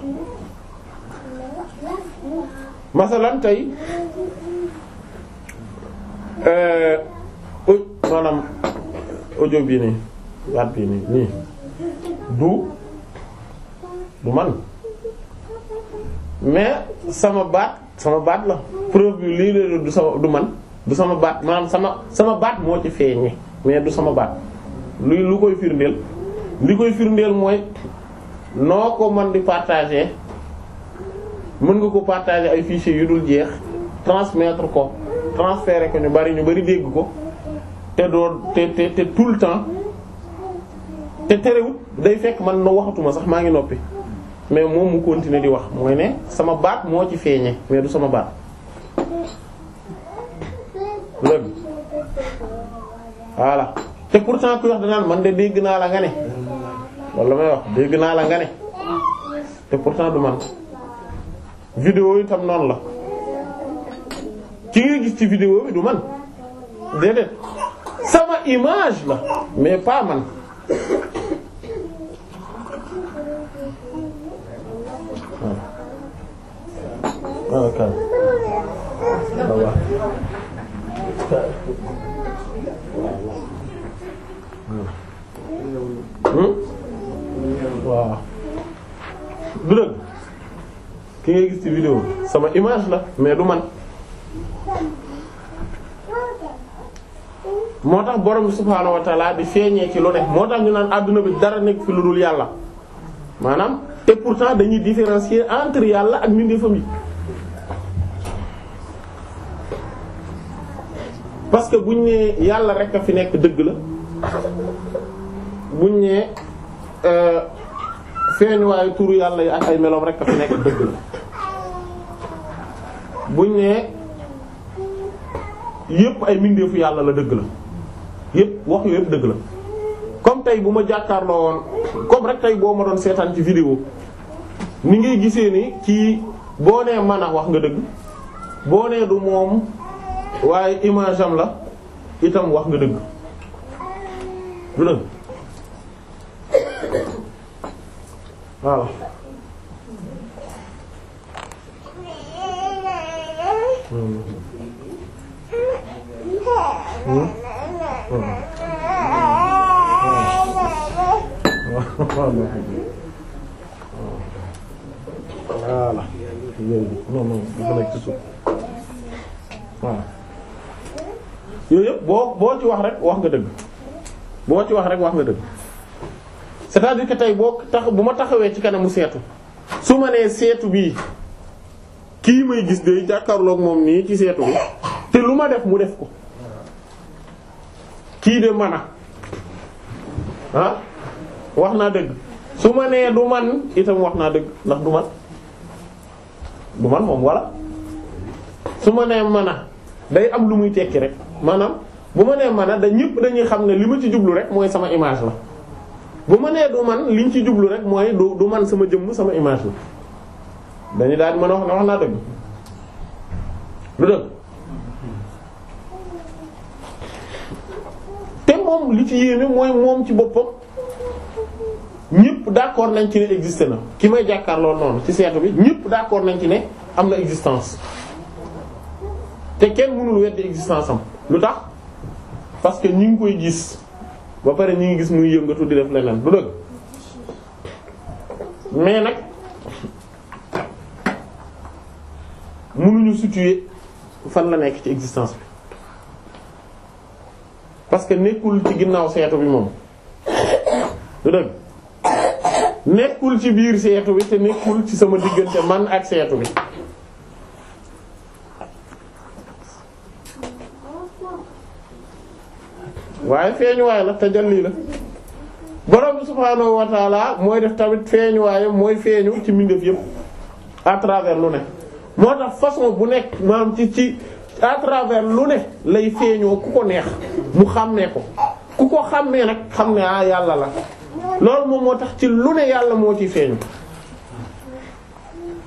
masalan tey. Euh, maanaam audio bii nii baat bii nii nii du du man mais sama baat sama baat la preuve bi lii la du sa du man du sama baat maanaam sama sama baat moo ci feeñe mais du sama baat luy lu koy firndeel li koy firndeel mooy noo ko man di partager mën nga ko partager ay fichiers yu dul jeex transmettre ko transférer ko ñu bari ñu bari dégg ko te doo te te te tout le temps te terewut day fekk man na waxatuma sax maa ngi noppi mais moom mu continuer di wax mooy ne sama baat moo ci feeñe mais du sama baat léegi la te pourtant ku wax danaan man de dégg naa la nga ne wala may wax dégg naa la nga ne te pourtant du man vidéo yi noonu la ki ngay gis ci vidéo bi du man déedéet sama image la mais pas man ah. Ah, ok hmm? Hmm? waaw du dëgg ki ngay gis ci sama image la mais du man moo tax borom subhaanahu wa taala feeñee ci lu ne moo tax ñu naan àdduna bi dara nekk fi lu dul yàlla maanaam te pourtant dañuy différencier entre yàlla ak mbindeefam yi parce que buñ nee yàlla rek a fi nekk dëgg la buñ nee euh, feeñuwaayu turu yàlla yi ak ay meloom rek a fi nekk dëgg la buñ nee yépp ay mbindeefu yàlla la dëgg la yépp wax yooyu yépp dëgg la comme tey bu ma jàkkaarloo woon comme rek tey boo ma doon seetaan ci vidéo ni ngay gisee ni ci boo nee man a wax nga dëgg boo nee du moom waaye image la itam wax nga dëgg du dëgg hmm. voilà yooyu non boo boo ci wax rek wax nga dëgg boo ci wax rek wax nga dëgg c'est-à-dire tey boo tax bu ma taxawee ci kanamu seetu su ma nee seetu bii kii may gis day jàkkaarloog moom nii ci seetu bi te lu ma def mu def ko. kii de man a ah, wax naa dëgg su ma nee du man itam wax naa dëgg ndax du man du man moom walla su ma nee man a day am lu muy tekki rek maanaam bu ma nee man a da ñépp dañuy xam ne li ma ci jublu rek mooy sama image la bu ma nee du man liñ ci jublu rek mooy du du man sama jëmm sama image la dañu daal di mën a wax ne wax naa dëgg lu dëgg moom li ci yéeme mooy moom ci boppam ñëpp d'accord nañ ci ne existé na ki may jàkkaarloo noonu ci seetu bi ñëpp d'accord nañ ci ne am na existence te kenn mënul weddi existence am lu tax parce que ñi ngi koy gis ba pare ñi ngi gis muy yëngatu di def leneen du dëgg mais nag mënuñu situer fan la nekk ci existence bi parce que nekkul ci ginnaaw seetu bi moom du dëgg nekkul ci biir seetu bi te nekkul ci sama diggante man ak seetu bi waaye feeñuwaay la tajalli la borom bi subhaanahu mooy def tamit feeñuwaayam mooy feeñu ci mbindeef yépp à travers lu ne moo tax façon bu nekk maanaam ci ci à travers lu ne lay feeñoo ku ko neex mu xàmmee ko ku ko xàmmee nag xam ne ah yàlla la loolu moom moo tax ci lu ne yàlla moo ci feeñu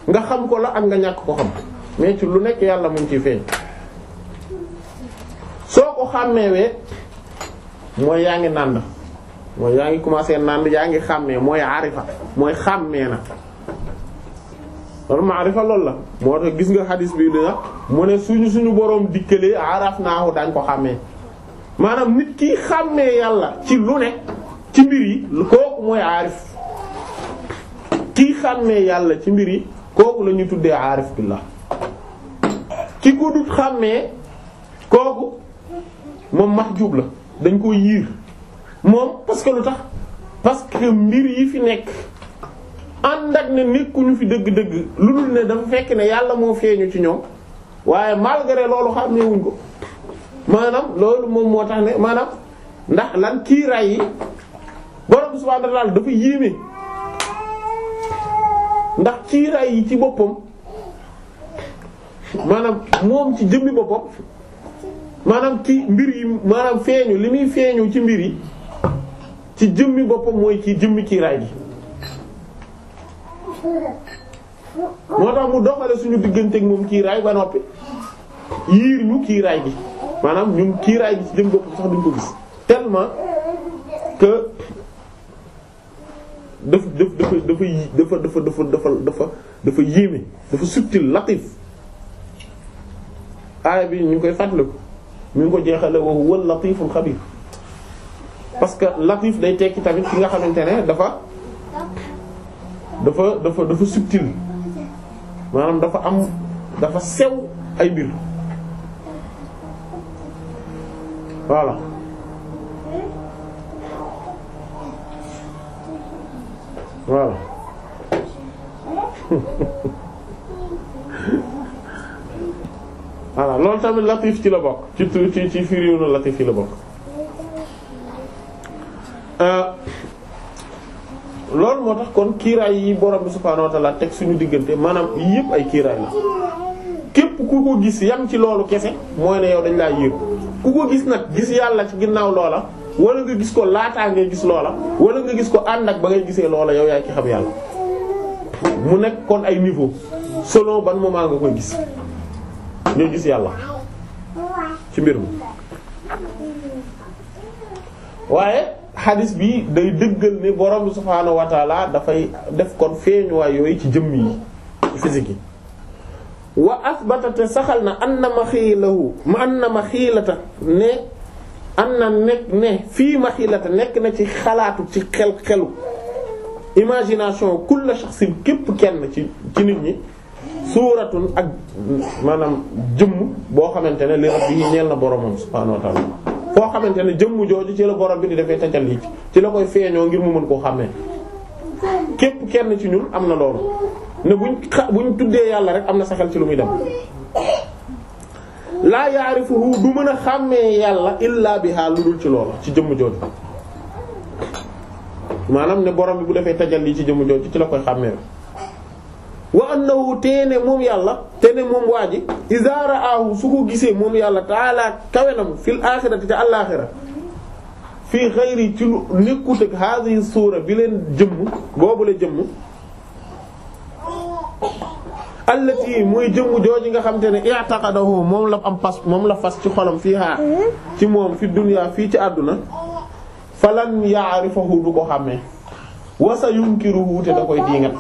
nga xam ko la ak nga ñàkk ko xam mais ci lu nekk yàlla mu ci feeñ soo ko xàmmeewee mooy yaa ngi nànd mooy yaa ngi commencé nànd yaa ngi xàmmee mooy arifa mooy xàmmee na kon maarifa loolu la moo tax gis nga xadis bi dina mu ne suñu suñu boroom dikkalee araf naahu daañ ko xàmmee maanaam nit ki xàmmee yàlla ci lu ne ci mbir yi kooku mooy aarif kii xàmmee yàlla ci mbir yi kooku lañuy tuddee aarif la ci ko dut xàmmee kooku moom mahjub la dañ ko yiir moom parce lu tax parce que mbir yi fi nekk ànd na ne nekkuñu fi dëgg-dëgg lu dul ne dafa fekk ne yàlla moo feeñu ci ñoom waaye malgré loolu xàmmeewuñ ko maanaam loolu moom moo tax ne maanaam ndax lan kiiraay yi borom dafa yéeme ndax kiiraay yi ci boppam maanaam moom ci jëmmi boppam maanaam ci mbir yi maanaam feeñu li muy feeñu ci mbir yi ci jëmmi boppam mooy ci jëmmi kiiraay gi moo tax mu doxale suñu digganteeg moom raay ba noppi yiir ñu raay bi maanaam ñun kiiraay gi ci jëm bopp sax duñ ko gis tellement que dafa dafa dafa dafa dafa dafa dafa dafa dafa yéeme dafa subtil latif aaya bi ñu ngi koy fàttaliku ñu ngi ko jeexale wa huwa latiful xabir parce que latif day tekki tamit ki nga xamante ne dafa dafa dafa dafa subtil maanaam dafa am dafa sew ay mbir voilà voilà voilà loolu tamit latif ci la bokk ci ci ci latif ci la bokk. Euh, loolu moo tax kon kiiraay yi borom bi subhaanahu wa teg suñu diggante maanaam yëpp ay kiiraay la képp ku ko gis yam ci loolu kese mooy ne yow dañ laa yër ku ko gis nag gis yàlla ci ginnaaw loola wala nga gis ko laataa ngay gis loola wala nga gis ko ànd ak ba ngay gisee loola yow yaa ci xam yàlla mu nekk kon ay niveau selon ban moment nga koy gis ngay gis yàlla ci mbir mi waaye xadis bi day dëggal ne borom subhaanahu wa dafay def kon feeñuwaay yooyu ci jëmm yi physique yi wa asbata te saxal na am na ma xiilahu ma am na ma xiilata ne an na nekk ne fii ma xiilata nekk na ci xalaatu ci xel xelu imagination kulla shaxsin képp kenn ci ci nit ñi suuratun ak maanaam jëmm boo xamante ne li rabbi ñeel na boromam subhaanahu wa koo xamante ne jëmm jooju ci la borom bi di defee tajal yi ci la koy feeñoo ngir mu mën koo xàmmee képp kenn ci ñun am na loolu ne buñ buñ tuddee yàlla rek am na sa xel ci lu muy dem laa yaarifuhu du mën a xàmmee yàlla illaa biha lu dul ci loolu ci jëmm jooju maanaam ne borom bi bu defee tajal yi ci jëmm jooju ci la koy xàmmee wa annahu teene moom yàlla te ne moom waa ji izaa ra'aahu su ko gisee moom yàlla taalaa kawe na mu fil aaxirati ca àllaaxira fii xayri ci lu ak haadihi suura bi leen jëmm boobu la jëmm allati muy jëmm jooju nga xam te ne i'taqadahu moom la am pas moom la fas ci xolam fii haa ci moom fi dunyaa fii ci àdduna falan ya'rifahu du ko xàmmee wa sayunkiruhu te da koy diingat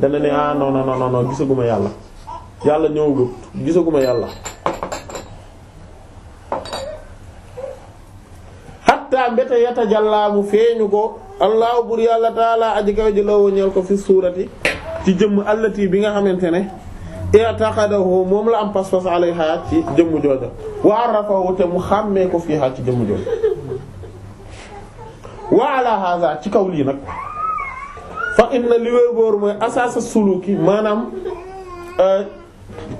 dana ne ah non non non non gisaguma yàlla yàlla ñëwul gisaguma yàlla. hatta mbete yata jàllaamu feeñu ko allahu bur yàlla taalaa aji kaw ji lawoo ñeel ko fi suurati ci jëmm allati bi nga xamante ne i'taqadahu moom la am pas-pas alayha ci jëmm jooja wa arafahu mu xàmmee ko fiiha ci jëmm jooja wa ala ci kaw lii nag fa inna li wér boor mooy asaasa suluki maanaam euh,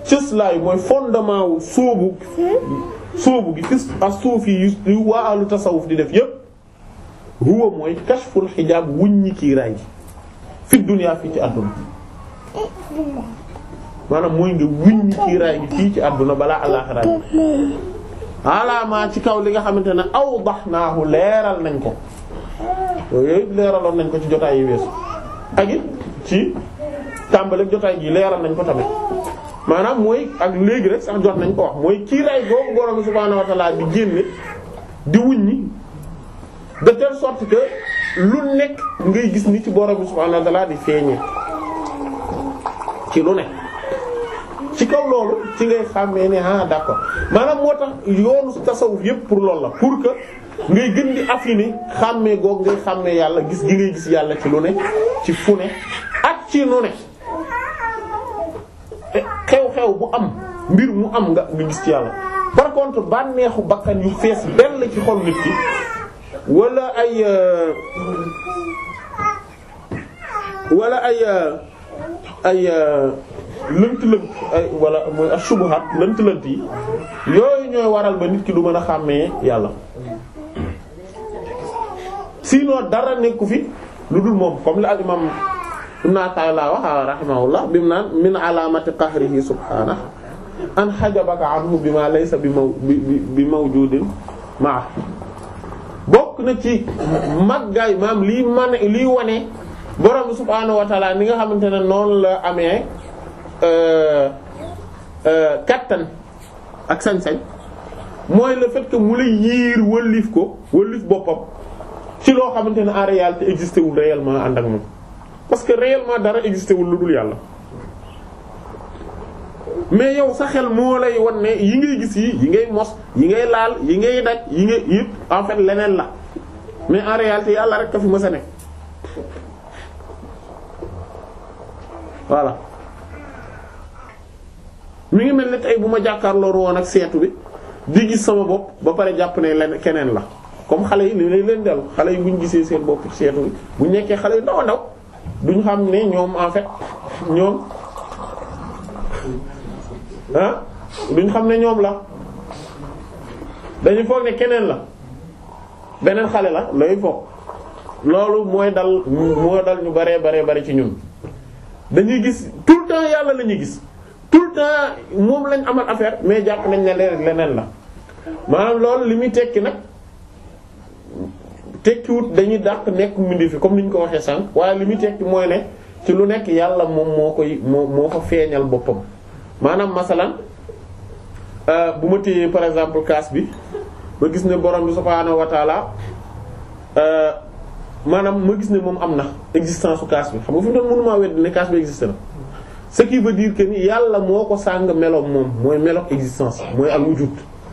cëslaay mooy fondement wu sóobu sóobu gi fis as yu waa alu tasawuf di def yëpp huwa mooy kashful xijaab wuññi kiiraay gi fi duniyaa fii ci àdduna maanaam mooy nga wuññi kiiraay gi fii ci àdduna balaa àllaaxira alaamaa ci kaw li nga xamante ne awdahnaahu leeral nañ ko yooyu leeraloon nañ ko ci jotaay yi weesu ak it ci tàmbali jotaay gi leeral nañ ko tamit maanaam mooy ak léegi rek sax jot nañ ko wax mooy kiiraay boobu borom subhaanahu wa ta'ala di génne di wuññi de telle sorte que lu nekk ngay gis ni ci borom subhaanahu wa di feeñee ci lu nekk. ci kaw loolu ci ngay xàmmee ne ah d'accord maanaam moo tax yoonu tasawuf yépp pour lool la pour que. ngay gën di affiner xàmmee goog ngay xàmmee yàlla gis gi ngay gis yàlla ci lu ne ci fu ne ak ci lu ne e, xew-xew bu am mbir mu am nga nga gis ci yàlla par contre bànneexu bakkan yu fees bell ci xol nit ki wala ay euh, wala ay euh, ay euh, lënt-lënt ay wala mooy ak lënt-lënt yi yooyu ñooy waral ba nit ki du mën a xàmmee yàlla sinon dara nekku fi lu dul moom comme li al imam ibn Ata'illah wax rahimahullah bi mu naan min alaamati qahrihi subhaanahu an hajabaka anhu bima laysa bi maw bi mawjudin maa bokk na ci maggaay maam lii man lii wane borom subhaanahu wa ni nga xamante ne noonu la amee euh, euh, kattan ak sañ-sañ mooy le fait que mu lay yiir wëllif ko wëllif boppam ci loo xamante ne en réalité existé wul réellement ànd ak moom parce que réellement dara existé wul lu dul yàlla mais yow sa xel moo lay wan ne yi ngay gis yi yi ngay mos yi ngay laal yi ngay daj yi ngay yëpp en leneen la mais en réalité yàlla rek ka fi mësa nekk voilà mu ngi mel ni tay bu ma jàkkaarloo woon ak seetu bi di gis sama bopp ba pare jàpp ne keneen la. comme xale yi li leen dellu xale yi bu ñu gisee seen bopp ci seetu bu ñu nekkee xale yu ndaw ndaw duñ xam ne ñoom en fait ñoom ah duñ xam ne ñoom la dañuy foog ne keneen la beneen xale la lay foog loolu mooy dal moo dal ñu baree baree bari ci ñun dañuy gis tout temps yàlla la ñuy gis tul le temps moom lañ amal affaire mais jàpp nañ ne leneen la maanaam loolu li muy tekki nag. tekkiwut dañuy dàq nekk mbindeef fi comme ni ñu ko waxee sànq waaye li muy tekki mooy ne ci lu nekk yàlla moom moo koy moo moo ko feeñal boppam maanaam masalan euh, bu ma téyee par exemple kaas bi ma gis ne borom bi subhaanahu wa taala euh, maanaam ma gis ne moom am na existence su kaas bi xam nga fi mu doon mënumaa wedd ne kaas bi existe na ce qui veut dire que ni yàlla moo ko sàng meloom moom mooy meloom existence mooy al wujud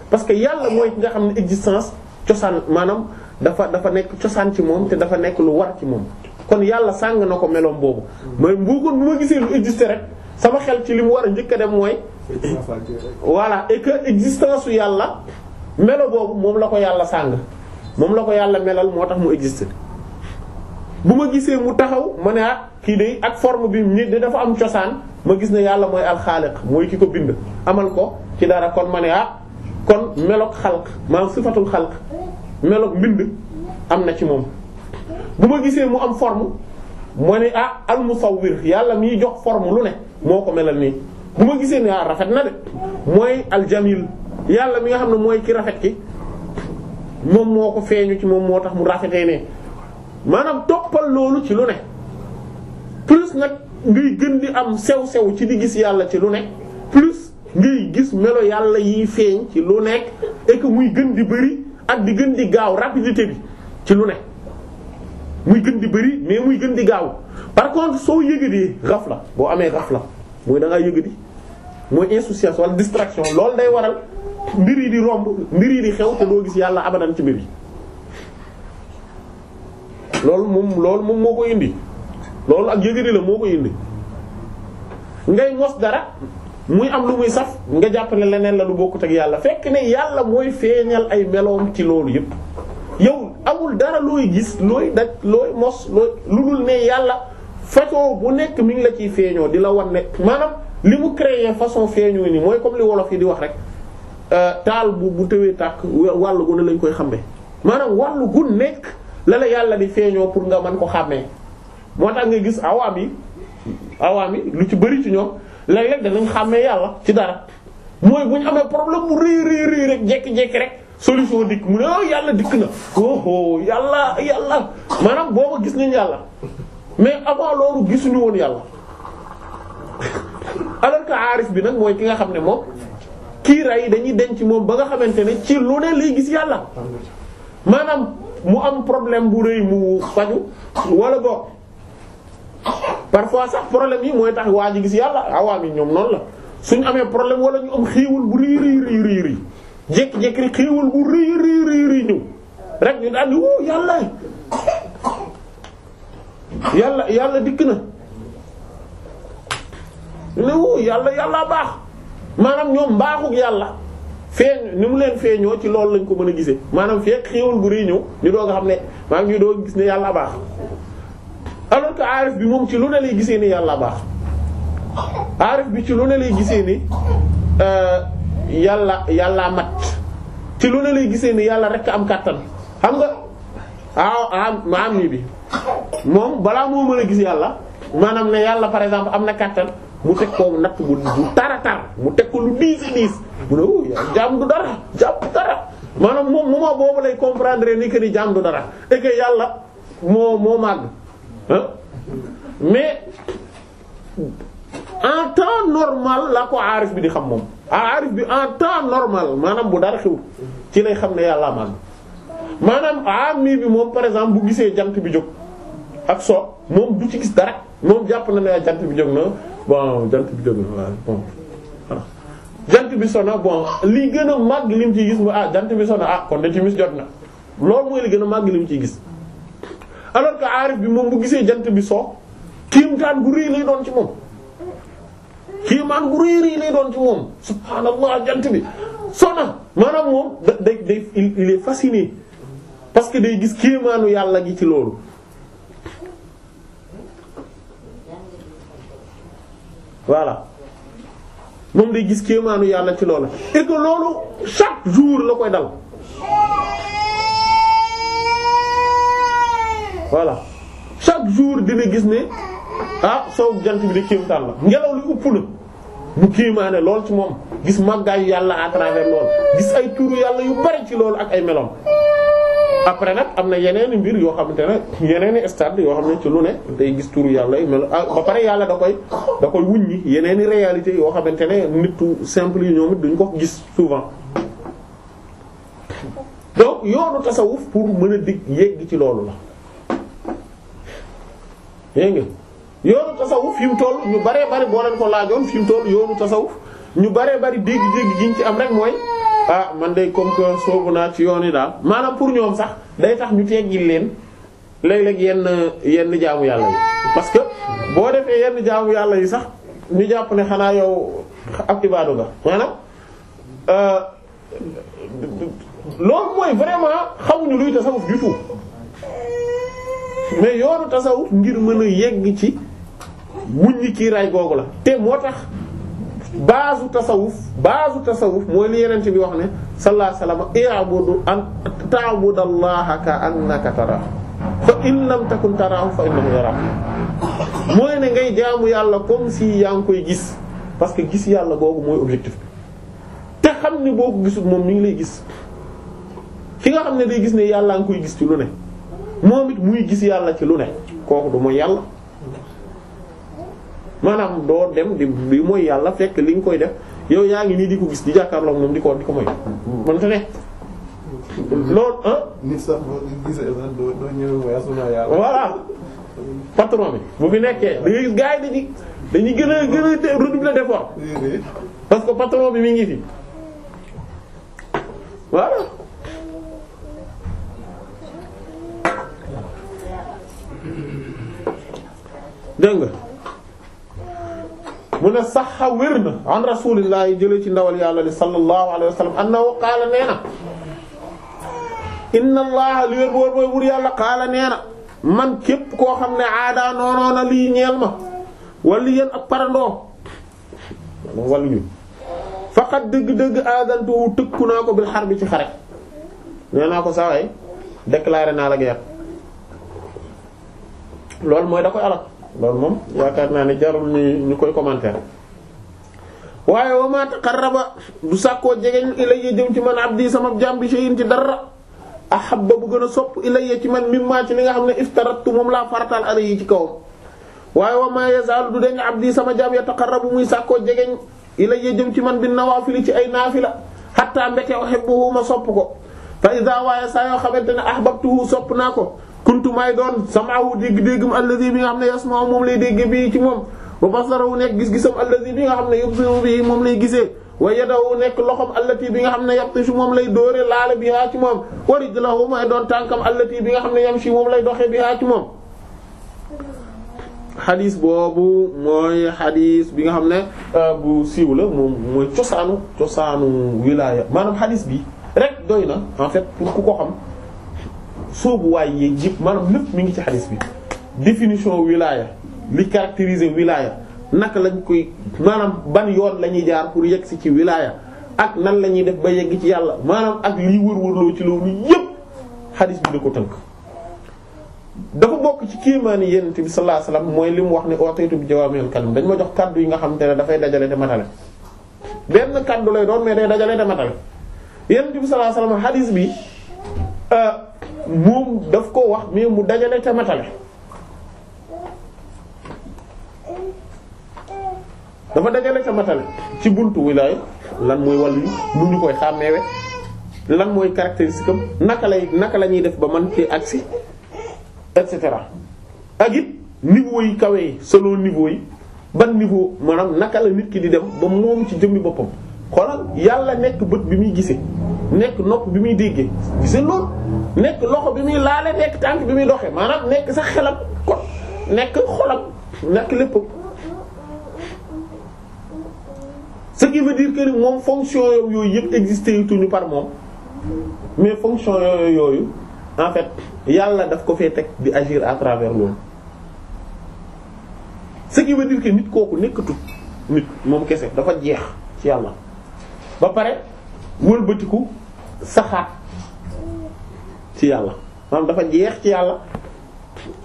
parce que yàlla mooy nga xam ne existence cosaan maanaam dafa dafa nekk cosaan ci moom te dafa nekk lu war ci moom kon yàlla sàng na ko meloom boobu mooy bu kon bu ma gisee lu existe rek sama xel ci li mu war a njëkk a dem mooy voilà et que yàlla melo boobu moom la ko yàlla sàng moom la ko yàlla melal moo tax mu existe bu ma gisee mu taxaw ma ne ah kii de ak form bi nit de dafa am cosaan ma gis ne yàlla mooy alxaaliq mooy ki ko bind amal ko ci dara kon ma ne ah kon meloog xalq maanaam sifatul melo mbind am na ci moom bu ma gisee mu am forme moo ne ah al musawwir yàlla miy jox forme lu ne moo ko melal nii bu ma gisee ne ah rafet na de mooy aljamil yàlla mi nga xam ne mooy ki rafet ki moom moo ko feeñu ci moom moo tax mu rafetee ne maanaam toppal loolu ci lu ne plus nag ngay gën di am sew sew ci di gis yàlla ci lu ne plus ngay gis melo yàlla yiy feeñ ci lu nekk et muy gën di bari ak di gën di gaaw rapidité bi ci lu ne muy gën di bëri mais muy gën di gaaw par contre soo yëgadee la boo amee ghafla mooy da ngaa yëgadi mooy insouciance wala distraction lool day waral mbir yi di romb mbir yi di xew te doo gis yàlla abadan ci mbir yi loolu moom loolu moom moo ko indi loolu ak yëgadi la moo ko indi ngay ngos dara muy am lu muy saf nga jàpp ne leneen la lu bokkut ak yàlla fekk ne yàlla mooy feeñal ay meloom ci loolu yépp yow amul dara looy gis looy daj looy mos lu dul ne yàlla façon bu nekk mi ngi la ciy feeñoo di la wan nekk maanaam li mu créé façon feeñoo nii mooy comme li wolof yi di wax rek euh, taal bu bu tëwee tàkk wàllu gu lañ koy xàmmee maanaam wàllu gu nekk la la yàlla di feeñoo pour nga man ko xàmmee moo tax nga gis awaam yi awaam yi lu ci bari ci ñoom. léeg-léeg danañ xàmmee yàlla ci dara mooy bu ñu amee problème mu rëy rëy rëy rek jékki-jékki rek solution dikk mu ne ah yàlla dikk na oh yàlla yàlla maanaam booba gis nañ yàlla mais avant loolu gisuñu woon yàlla alors que aarif bi nag mooy ki nga xam ne moom kiira yi dañuy denc moom ba nga xamante ne ci lu ne lay gis yàlla maanaam mu am problème bu rëy mu faju wala boog parfois sax problème yi mooy tax waa ji gis yàlla awaam ah, yi ñoom noonu la suñ amee problème wala ñu am xéewal bu rëy rëy rëy rëy rëy jékki-jékki rek xéewal bu rëy rëy rëy rëy ñëw rek ñu daal di yàlla yàlla yàlla dikk na ne wuu yàlla yàlla baax maanaam ñoom baaxuk yàlla feeñ ni mu leen feeñoo ci loolu lañ ko mën a gisee maanaam fekk xéewal bu rëy ñëw ñu doog a xam ne maa ñu doog gis ne yàlla baax alors que aarif bi moom ci lu ne lay gisee ni yàlla bi ci lu ne lay gisee ni euh, yàlla mat ci lu ne lay gisee ni yàlla rekk am kàttan xam nga ah, ah maam mi bi moom balaa moo mën a gis yàlla maanaam ne yàlla par exemple am na kàttan mu teg koo natt bu tara tar mu teg ko lu diis diis mu ne jaam du dara jaam du dara maanaam moom moment boobu lay comprendre ni que ni jaam du dara et yàlla moo moo màgg. mais en temps normal la ko aarif bi di xam moom aarif bi en temps normal maanaam bu dara xew ci lay xam ne yàlla mag maanaam bi moom par exemple bu gisee jant bi jóg ak so moom du ci gis dara moom jàpp na ne jant bi jóg na bon jant bi jóg na waaw jant bi sona bon li gën a màgg lim ciy gis mu ah jant bi sona ah kon de timis jot na loolu mooy li gën a màgg lim ciy gis alors que aarif bi moom bu gisee jant bi soo kiimtaan gu rëy lay doon ci moom kiimaan gu rëy rëy lay doon ci moom subhaanallah jant bi so na maanaam moom da day day il est fasciné parce que day gis kiimaanu yàlla gi ci loolu voilà moom day gis kéemaanu yàlla ci loolu et loolu chaque jour la koy dal voilà chaque jour dina gis ne ah soo jant bi de kéemtaan la ngelaw li upp na mu kéemaane lool ci moom gis màggaayu yàlla à travers lool gis ay tuuru yàlla yu bari ci loolu ak ay meloom après nag am na yeneen mbir yoo xamante ne yeneen stade yoo xam ne ci lu day gis turu yàlla mel ah, ba pare yàlla da koy da koy wuññi yeneen i réalité yoo xamante ne nitu simple yi ñoom it duñ ko gis souvent. donc yoonu tasawuf pour mën a dig yegg ci loolu la. dégg nga yoonu tasawuf fi mu ñu baree bari boo leen ko laajoon fi mu toll yoonu tasawuf ñu baree bari dégg-dégg gi ci am rek mooy ah man day comme que soobu naa ci yoon yi daal maanaam pour ñoom sax day tax ñu teggil leen léeg-léeg yenn yenn jaamu yàlla yi. parce que boo defee yenn jaamu yàlla yi sax ñu jàpp ne xanaa yow ak ibaadu nga maanaam euh, loolu mooy vraiment xamuñu luy tasawuf du tout. mais yoonu tasawuf ngir mën a yegg ci wuññi kiiraay googu la te moo tax baasu tasawuf baasu tasawuf mooy li yeneen bi wax ne sallallahu alayhi wasallam i'budu an ta'budallaha ka annaka tara fa in lam takun fa innahu yarak mooy ne ngay jaamu yàlla comme si yaa ngi koy gis parce que gis yàlla boobu mooy objectif bi te xam ne boo ko gisul moom mi ngi lay gis ki nga xam ne day gis ne yàlla nga koy gis ci lu ne moom it muy gis yàlla ci lu ne kooku du mooy yàlla maanaam doo dem di bi mooy yàlla fekk li nga koy def yow yaa ngi nii di ko gis di jàkkaarloog moom di ko di ko moy man te ne loolu ah. nit sax boo gisee sax doo doo ñëwee mooy patron bi bu fi nekkee da ngay gis gars yi dañuy gën a gën a redoubler d'effort parce que patron bi mu ngi fi voilà. dégg nga mu ne saxa wér na an rasulillah jëlee ci ndawal yàlla li sallallahu alayhi wa sallam annahu nee na inna li wér wóor mooy wur yàlla qaala nee na man képp koo xam ne aadaa noonoona lii ñeel ma wala yéen ak parandoo wala ñu faqat dëgg-dëgg aadantuwu tëkku naa ko bil xar ci xare nee naa ko saa waay déclaré naa la guerre loolu mooy da koy alal loolu moom yaakaar naa ne jarul ñu ñu koy commentaire waaye wa ma taqarraba du sàkkoo jegeñu ilayya jëm ci man abdi sama jaam bi shay'in ci dara ahabba bu gën a sopp ilayya ci man mimma ci li nga xam ne iftaratu moom laa farataal alayhi ci kawam waaye wa ma yazaalu du deñ abdi sama jaam ya taqarrabu muy sàkkoo jegeñ ilayya jëm ci man bi nawaafili ci ay naafila hatta mbete uhibbuhu ma sopp ko fa iza waaye saa yoo xamante ne ahbabtuhu sopp naa ko kuntu may doon samaahu dégg-déggam alladhi bi nga xam ne yasma'u moom lay dégg bi ci moom wa basarahu nekk gis-gisam alladhi bi nga xam ne yubsiru bii moom lay gisee wa yadahu nekk loxom allati bi nga xam ne yabtashu moom lay dóore laala bi haa ci moom wa doon tànkam allati bi nga xam ne yamshi moom lay doxee bi haa ci moom xadis boobu mooy xadis bi nga xam ne euh, bu siiw la moom mooy cosaanu cosaanu wilaaya maanaam xadis bi rek doy na en fait ku ko xam sóobuwaay yeeg yëpp maanaam lépp mi ngi ci xadis bi définition wilaya li caractériser wilaya naka lañ koy maanaam ban yoon la ñuy jaar pour yegg si ci wilaya ak nan la ñuy def ba yegg ci yàlla maanaam ak liy wër-wërloo ci loolu yëpp xadis bi da ko tënk. dafa bokk ci kiimaani yonent bi sallallahu alayhi wasallam mooy li mu wax ni ooteetu bi jawaamil kalim dañ ma jox kaddu yi nga xam te ne dafay dajale te matale benn kaddu lay doon mais day dajale te matale moom daf ko wax mais mu dajale te matale dafa dajale te matale ci buntu wilaaya lan mooy wàllu lu ñu koy xàmmeewe lan mooy caractéristique am naka lay naka lañuy def ba man ci agsi et cetera ak it niveau yi kawe solo selon yi ban niveau maanaam naka la nit ki di dem ba moom ci jëmmi boppam xoolal yàlla nekk bët bi muy gisee nekk nopp bi muy déggee gisee loolu nekk loxo bi muy laale nekk tànk bi muy doxee maanaam nekk sax xelam kon nekk xolam nekk lépp. ce qui veut dire moom fonction yooyu yëpp existé par moom mais fonction yooyu en fait yàlla daf ko fee teg di agir à travers loolu ce qui veut dire nit kooku nekkatut nit moom kese dafa jeex ci yàlla ba pare. wëlbatiku saxaat ci yàlla maanaam dafa jeex ci yàlla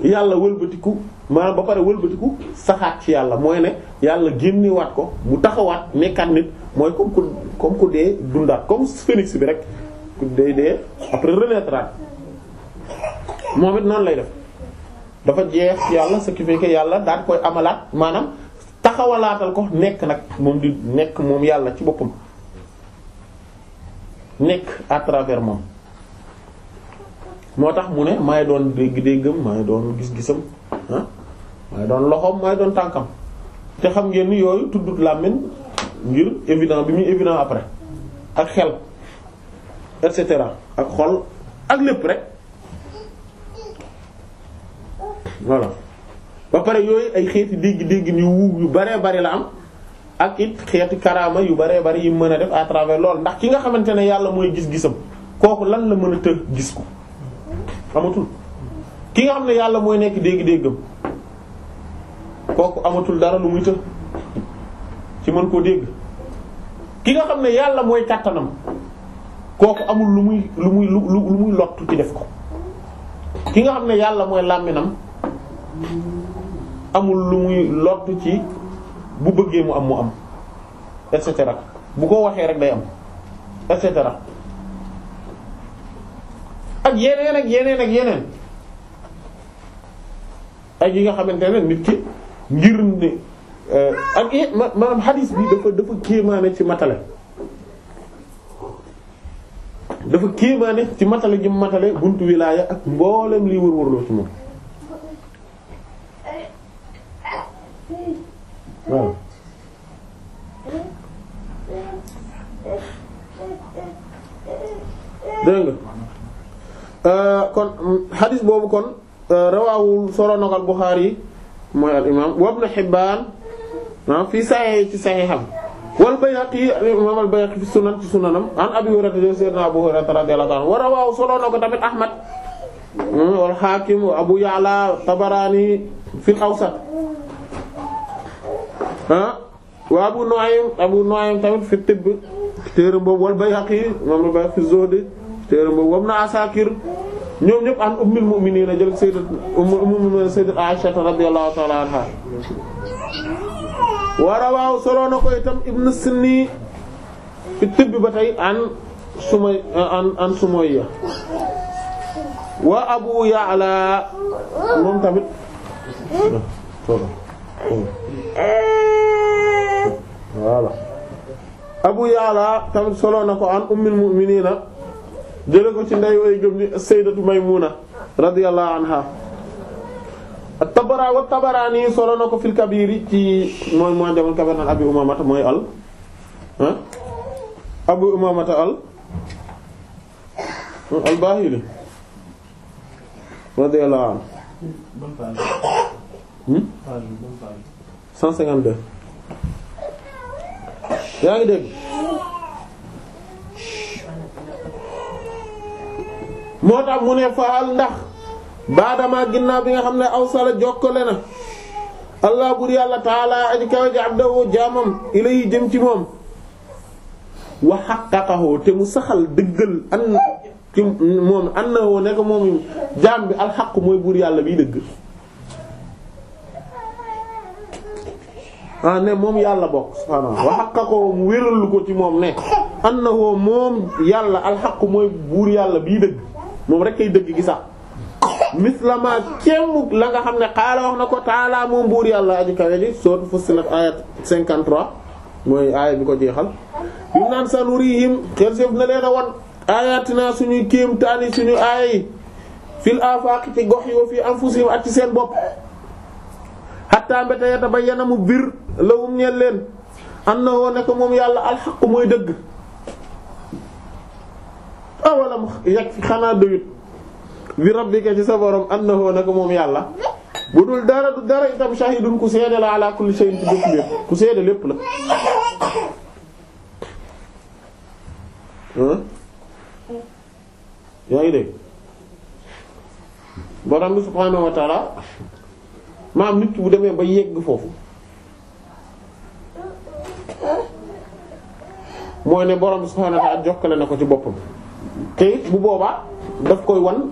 yàlla wëlbatiku maanaam ba pare wëlbatiku saxaat ci yàlla mooy ne yàlla génnewaat ko mu taxawaat nekkaat nit mooy comme comme ku dee dundaat comme phénix bi rek ku dee dee après renaître moom it noonu lay def dafa jeex ci yàlla ce qui fait que yàlla daan koy amalaat maanaam taxawalaatal ko nekk nag moom di nekk moom yàlla ci boppam nekk à travers moom moo tax mu ne maay doon dégg-déggam maay doon gis-gisam ah, may doon loxoom maay doon tànkam te xam ngeen ni yooyu tuddut làmmiñ ngir évident bi muy évident après ak xel et cetera ak xol ak lépp rek voilà ba pare yooyu ay xeeti dégg-dégg yu wu yu baree bari la am. ak it xeeti karaama yu baree bari yi mën a def à travers loolu ndax ki nga xamante ne yàlla mooy gis-gisam kooku lan la mën a të gis ko amatul ki nga xam ne yàlla mooy nekk dégg-déggam kooku amatul dara lu muy të ci mën koo dégg ki nga xam ne yàlla mooy kàttanam kooku amul lu muy lu muy lu muy lottu ci def ko ki nga xam ne yàlla mooy làmminam amul lu muy lottu ci bu bëggee mu am mu am et cetera bu ko waxee rek day am et cetera ak yeneen ak yeneen ak yeneen ak yi nga xamante ne nit ki ngir ne eh, ak ma maanaam xadiis bi dafa dafa kéemaane ci matale. dafa kéemaane ci matale gi matale buntu wilaaya ak mboolem liy wër-wër loo ci waaw euh, kon mm, xadis boobu kon euh, rawaawul soronok al Buxaari mooy al imaam wa Ibn Hibbaan ah, fii saxee ci saxiixam wal Bayhaqi al al Bayhaqi fi sunan ci sunanam an Abi Hurayra de Seydina Abu Hurayra radiyallahu anhu wa rawaawu soronok tamit Ahmad mm, wal Haakim Abu Ya'la Tabaraani fil Awsat ah wa Abu Nu'aym Abu Nu'aym tamit fi tibb téere boobu wal Bayhaqi moom la Bayhaqi fi Zuhd téere boobu wam na Asakir ñoom ñëpp an ummul mu'minin la jël sayyidat ummul mu'minin sayyidat Aisha radiyallahu ta'ala anha wa rawahu solo na ko itam Ibn Sunni fi tibb ba tey an Sumay an an Sumayya wa Abu Ya'la moom tamit voilà Abu Ya'la tamit solo na ko an ummul mu'minina jële ko ci ndey way gëm ni sayyidatu Maymuna radiyallahu anha at-Tabara wa Tabarani solo na ko fil kabiri ci mooy moo jamal kabir naan Abi Umamata mooy al ah Abu Umamata al hmm, al-Bahili radiyallahu anhu hmm? 152 yaa ngi dégg moo tax mu ne faal ndax baadama ginnaaw bi nga xam ne aw sala jokkale na allah bur yàlla taala aji kaw ji abdahu jaamam ilayhi jëm ci moom wa haqqaqahu te mu saxal dëggal an ci moom annahu nekk moom jaam bi alxaq mooy buur yàlla biy dëgg ah ne moom yàlla bokk subhaanahu wa haqqaqahu mu wéral ko ci moom ne annahu moom yàlla alxaqu mooy buur yàlla bii dëgg moom rek kay dëgg gi mislama kéem la nga xam ne xaala wax na ko taala moom buur yàlla aji kawe ji sourate Fussilat ayat 53 mooy aaya bi ko jeexal bi mu naan sanurihim xelsef na leen a wan ayatina suñuy kéemtaani suñu aaya yi fil afaqi ci gox yi wa fi anfusihim ak ci seen bopp xattaa mbéta ya tabayyana mu bir lawum ñeen leen annahu nekk moom yàlla alxaq mooy dëgg awalam yak fi xanaa doyut bi rabbika ci sa borom annahu nekk moom yàlla bu dul dara du dara itam shahidun ku seede la ala kulli shay'in ci dëkk lépp ku la bi subhaanahu wa maanaam nit ki bu demee ba yegg foofu mooy ne borom subhaanahu wa ta'aala jokkale na ko ci boppam te bu boobaa daf koy wan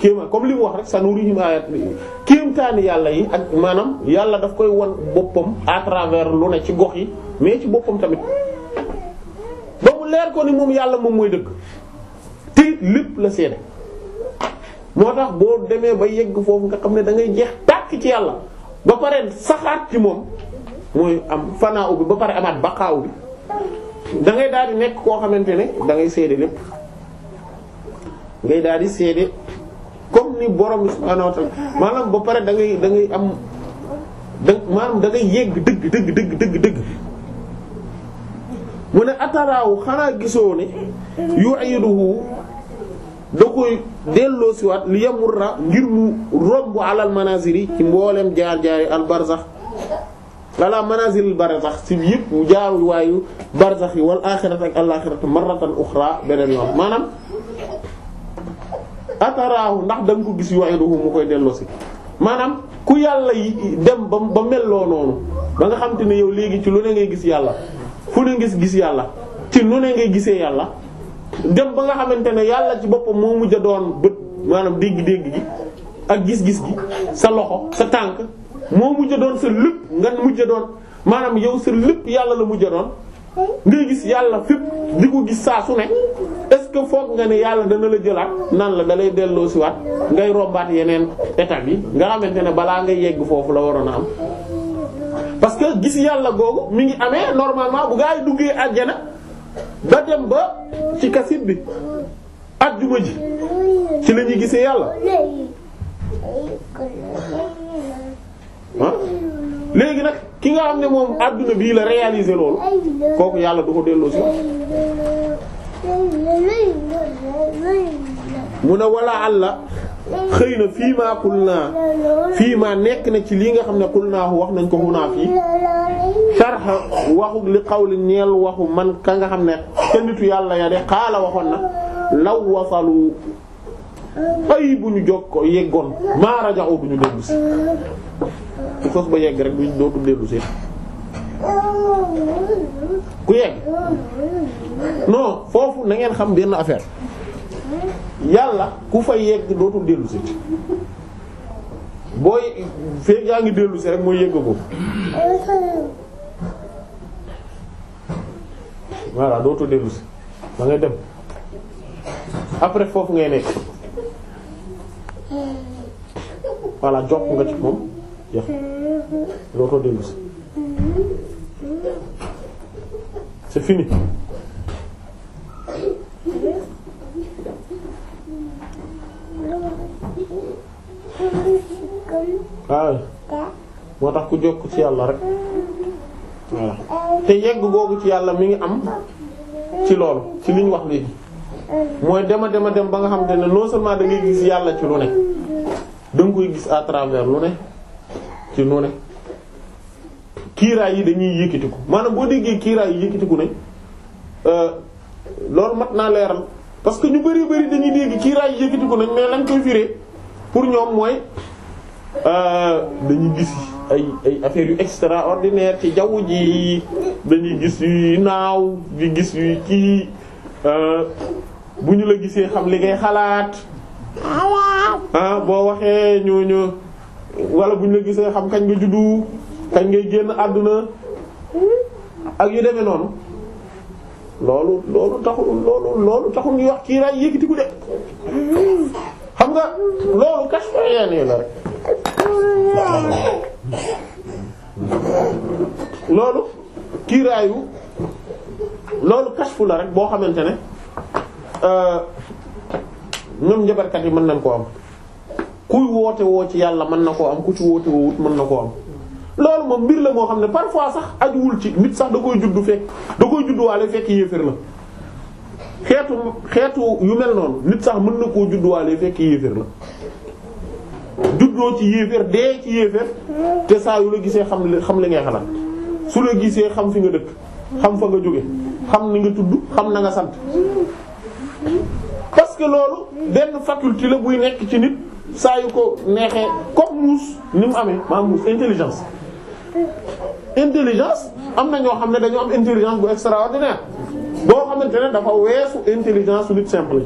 kéema comme li mu sa rek sanurihim aayaati kéemtaani yàlla yi ak maanaam yàlla daf koy wan boppam à travers lu ne ci gox yi mais ci boppam tamit ba leer ko ni moom yàlla moom mooy dëkk te lépp la seede moo tax boo demee ba yegg foofu nga xam ne da ngay jeex tàkk ci yàlla ba pare saxaat ci moom mooy am fanaaw bi ba pare amaat baxaaw bi da daal di nekk koo xamante ne dangay ngay seede lépp ngay daal di seede comme ni borom subhaanahu wa ba pare da ngay am da maanaam da ne ataraaw xanaa gisoo ne yu'iduhu da koy delloo siwaat li yamurra ngir mu romb alal manaziri ci mbooleem jaar-jaari al barzax ala manaziril barzax si yëpp mu jaaru waayu barzax yi wal axirat ak al axirat marratan uxra beneen yoon maanaam ataraahu ndax danga ko gis yu'iduhu mu koy delloo si maanaam ku yàlla dem ba ba melloo noonu ba nga xam te ne yow léegi ci lu ne ngay gis yàlla fu ne ngis gis yàlla ci lu ne ngay gisee yàlla dem ba nga xamante ne yàlla ci boppam moo mujj a doon bët maanaam dégg-dégg gi ak gis-gis gi sa loxo sa tànk moo mujj a doon sa lépp nga mujj a doon maanaam yow sa lépp yàlla la mujj a doon ngay gis yàlla fépp di ko gis saa su ne est-ce que foog nga ne yàlla dana la jëlaat nan la dalay delloo siwaat ngay rombaat yeneen état bi nga xamante ne balaa ngay yegg foofu la waroon a am parce gis yàlla googu mi ngi amee normalement bu gaa duggee àjjana ba dem ba ci kasit bi àjjuma ji ci la ñuy gisee yàlla léegi nag ki nga xam ne moom àdduna bii la réaliser loolu kooku yàlla du ko delloo si mu ne wala àlla xëy na fii maa kul naa fii maa nekk na ci lii nga xam ne kul naahu wax nañ ko xunaaf yi sarxa waxu li xawli ñeel waxu man ka nga xam ne te nitu yàlla ya de xaala waxoon na law wasalu ay bu ñu jog ko yeggoon maarajaxu bu ñu dellu si bu sos ba yegg rek bu ñu dootu dellu si ku yegg non foofu nangeen xam benn affaire yàlla ku fa yegg dootul dellu booy feeg yaa ngi dellu si rek mooy yegg ko voilà dootul dellu si ngay dem après foofu ngay nekk voilà jokk nga ci moom jeex dootul si fini. waaw moo tax ku jokk ci yàlla rek voilà te yegg googu ci yàlla mi ngi am ci loolu ci lu liñ wax léegi mooy dema dema dem ba nga xamante ne non seulement da ngay gis yàlla ci lu ne da koy gis à travers lu ne ci lu ne kiiraay yi dañuy yëkkatiku maanaam boo déggee kiiraay yi yëkkatiku ne euh, loolu mat naa leeral parce que ñu bari bari dañuy dégg kiiraay yi yëkkatiku nañ mais lañ koy firé pour ñoom mooy euh, dañuy gis ay ay affaires yu extraordinaire ci jaww ji dañuy gis yu naaw di gis yu ci euh, bu ñu la gisee xam li ngay xalaat ah, boo waxee ñu ñu wala bu ñu la gisee xam kañ nga juddu kañ ngay génn àdduna ak yu demee noonu loolu loolu taxu loolu loolu taxul ñuy wax kii raay yëkkati ku de xam nga loolu kas yenn yi la rek loolu kiiraayu loolu kashfu la rek boo xamante ne euh, ñoom njabarkat yi mën nañ koo am kuy woote woo ci yàlla mën na koo am ku ci woote woowut mën na koo am loolu moom mbir la moo xam ne parfois sax ajuwul ci nit sax da koy juddu fekk da koy judduwaale fekk yéeféer la xeetu xeetu yu mel noonu nit sax mën na koo judduwaale fekk yéeféer la juddoo ci yéeféer dee ci yéeféer te saa yu la gisee xam li xam li ngay xalaat su la gisee xam fi nga dëkk xam fa nga jóge xam ni nga tudd xam na nga sant parce que loolu benn faculté la buy nekk ci nit saa yu ko neexee comme muus ni mu amee maanaam muus intelligence intelligence am na ñoo xam ne dañoo am intelligence bu extraordinaire boo xamante ne dafa weesu intelligence nit simple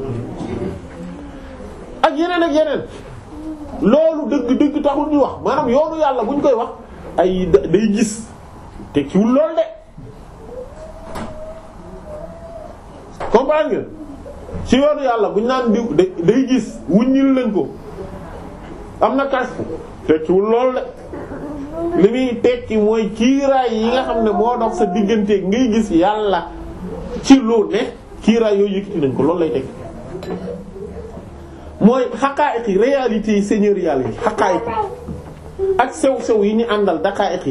ak yeneen ak yeneen loolu dëgg dëgg taxul ñu wax maanaam yoonu yàlla bu ñu koy wax ay day gis te kiwul lool de comprendre ngeen yoonu yàlla bu ñu naan diw day gis wuññil lañ ko am na kas tekkiwul lool de li muy tekki mooy kiiraay yi nga xam ne moo dox sa digganteek ngay gis yàlla ci lu ne kiiraay yooyu yëkkati nañ ko loolu lay teg mooy xaqaa'iq yi réalités yi seigneuriales yi xaqaa'iq ak sew sew yi ñu àndal daqaa'iq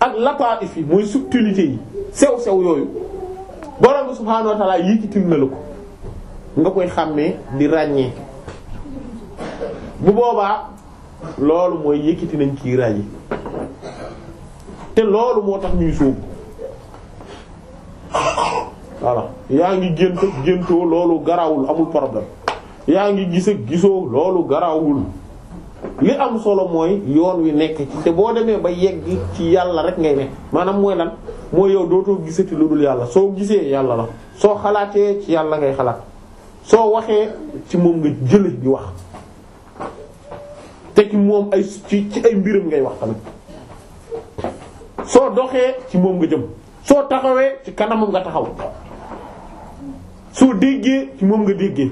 ak lataa'if yi mooy subtilité yi sew sew yooyu borom bi subhaanahu wa ta'aala yëkkatil na la ko nga koy xàmmee di ràññee bu boobaa loolu mooy yëkkati nañ kiiraay yi te loolu moo tax ñuy sóobu voilà yaa ngi gént géntoo loolu garawul amul problème yaa ngi gis ak gisoo loolu garawul li am solo mooy yoon wi nekk ci te boo demee ba yegg ci yàlla rek ngay ne maanaam mooy lan mooy yow dootoo gisati lu yàlla soo gisee yàlla la soo xalaatee ci yàlla ngay xalaat soo waxee ci moom nga jële di wax te ci moom ay ci ay mbiram ngay wax tamit soo doxee ci moom nga jëm soo taxawee ci kanamam nga taxaw soo déggee ci moom nga déggee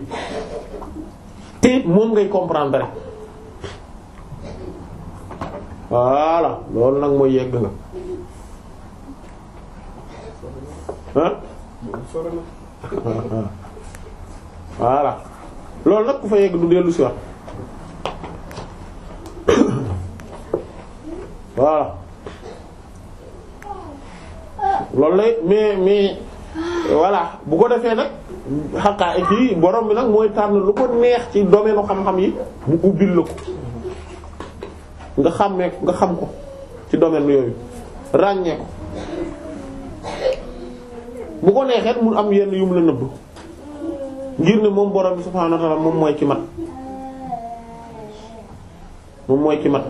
te moom ngay comprendre rek loolu nag mooy yegg nga ah voilà loolu nag ku fa yegg du dellu si wax voilà loolu la mais mais voilà bu ko defee nag xaqaa kii borom bi nag mooy tànn lu ko neex ci domaine xam-xam yi mu ubbil la ko nga xàmmee nga xam ko ci domaine yooyu ràññee ko bu ko neexee mu am yenn yum la nëbb ngir ne moom borom bi subhaanahu moom mooy ki mat moom mooy ki mat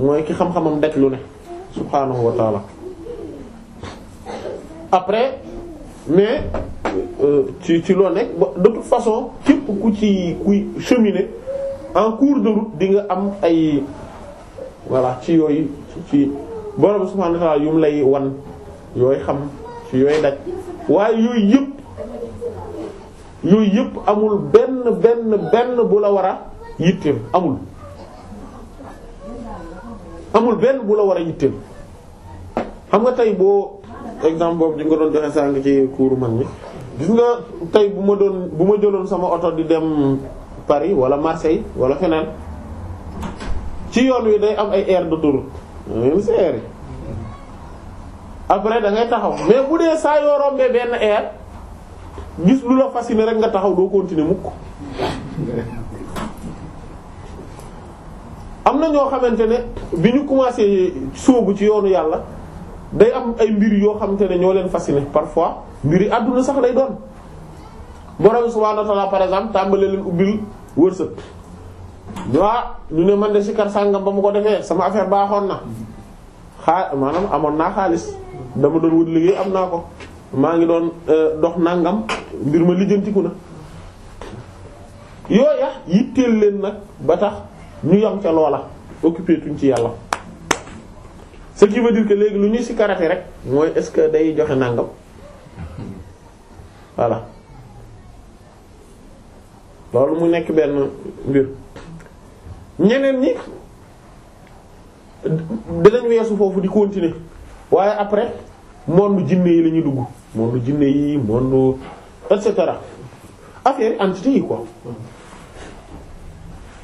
mooy ki xam-xamam daj lu ne subhaanahu wa après mais euh, ci ci loo nekk de toute façon képp ku ci kuy cheminer en cours de route di nga am ay voilà ci yooy ci borom subhaanahu wa taala yu mu lay wan yooy xam ci yooy daj waaye yooyu yëpp yooyu yëpp amul benn benn benn bu la war a amul amul benn bu la war a yitteem xam nga tey boo exemple boobu di nga doon joxe sàng ci kuuru mag ñi gis nga tey bu ma doon bu ma jëloon sama oto di dem Paris wala Marseille wala feneen ci yoon wi day am ay aire d'autoroute même si aire yi après da ngay taxaw mais bu dee saa yoo rombee benn aire gis lu la fasciné rek nga taxaw doo continuer mukk am na ñoo xamante ne bi ñu commencé sóobu ci yoonu yàlla. day am ay mbir yoo xamante ne ñoo leen fasciné parfois mbir yi àdduna sax lay doon borom subhaanahu wa ta'aala par exemple tàmbalee leen ubbil wërsëg waa ah, ñu ne man de sikar sàngam ba mu ko defee sama affaire baaxoon na xaa maanaam amoon naa xaalis dama doon wut liggéey am naa ko maa ngi doon euh, dox nangam mbir ma lijjantiku na yooya yitteel leen nag ba tax ñu yam ca loola occupé tuñ ci yàlla ce qui veut dire léegi lu ñuy sikkarati rek mooy est-ce que day joxe nàngam voilà loolu mu nekk benn mbir ñeneen ñi dinañ weesu foofu di continuer waaye après monde jinne yi la ñuy dugg monde jinne yi monde et cetera affaire entité loolu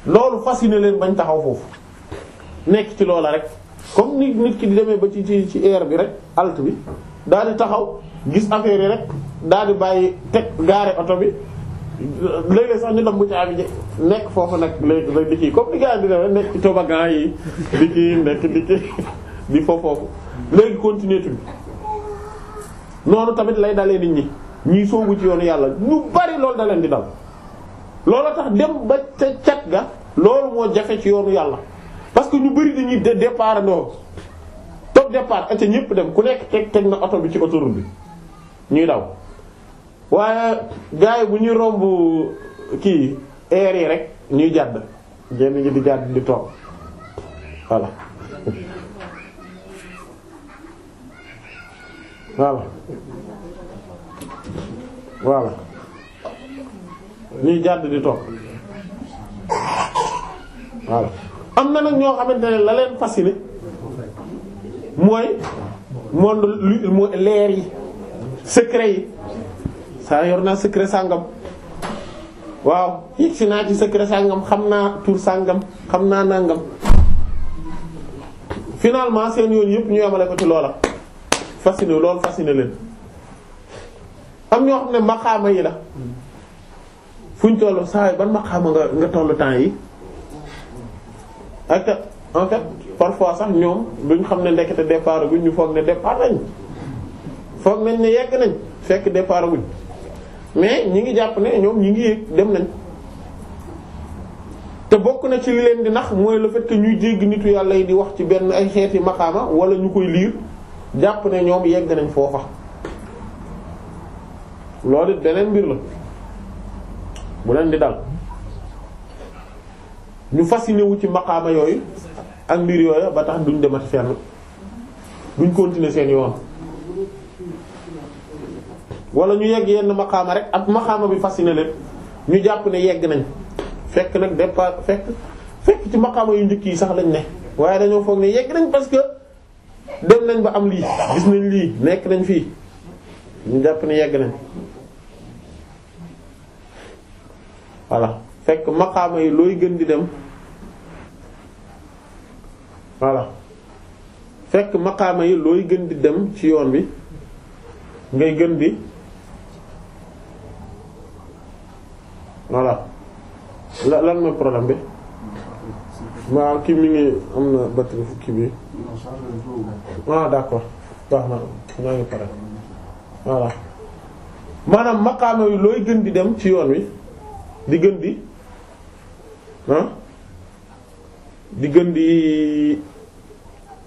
fas yi fasciné leen bañ taxaw foofu nekk ci loola rek. comme ni nit ki di demee ba ci ci ci air bi rek alt bi daal di taxaw gis affaire yi rek daal di bàyyi teg gaare oto bi léeg-léeg sax ñu dem bu caabi ji nekk foofu nag léegi di kii comme nekk ci tobagan yi di kii nekk di kii di foofu foofu léegi continuer tuuti noonu tamit lay dalee nit ñi ñiy soogu ci yoonu yàlla ñu bari loolu da leen di dal loolu tax dem ba ca cat ga loolu moo jafe ci yoonu yàlla. parce que ñu bari dañuy départ ndoo top départ acca ñépp dem ku nekk teg teg na oto bi ci autoroute bi ñuy daw waaye gars yi bu ñuy romb kii air yi rek ñuy jàdd di jàdd di toog voilà voilà di toog am na nag ñoo xamante ne la leen fasciné mooy monde lu mooy leer yi secret yi saa yor naa secret sàngam waaw yëg naa ci secret sàngam xam naa tur sàngam xam naa nàngam finalement seen yoon yëpp ñu yamale ko ci loola fasciné loolu fasciné leen am ñoo xam ne maqaama yi la fuñ tollu saa yi ban maqaama nga nga tollu temps yi ak en fait parfois sax ñoom duñ xam ne ndekete départ guñ ñu foog ne départ nañ foog nañ ne yegg nañ fekk départ guñ mais ñi ngi jàpp ne ñoom ñi ngi yegg dem nañ te bokk na ci li leen di nax mooy la fait que ñuy dégg nitu yàlla yi di wax ci benn ay xeeti maqaama wala ñu koy liir jàpp ne ñoom yegg nañ foofa loolu it beneen mbir la bu leen di daal ñu fasciné wu ci maqaama yooyu ak mbir yooyu ba tax duñ demati fenn duñ continuer seen yoon wala ñu yegg yenn maqaama rek ak maqaama bi fasciné leen ñu jàpp ne yegg nañ fekk nag départ fekk ci maqaama yu njëkk yi sax lañ ne waaye dañoo foog ne yegg nañ parce que dem nañ ba am lii gis nañ lii nekk nañ fii ñu jàpp ne yegg nañ voilà fekk maqaama yi looy gën di dem voilà fekk maqaama yi looy gën di dem ci yoon bi ngay gën di voilà la lan mooy problème bi waaw kii mi ngi am na batterie fukki bi ah d'accord baax na ñoo yi looy gën di dem ci yoon wi di gën di ah di gën di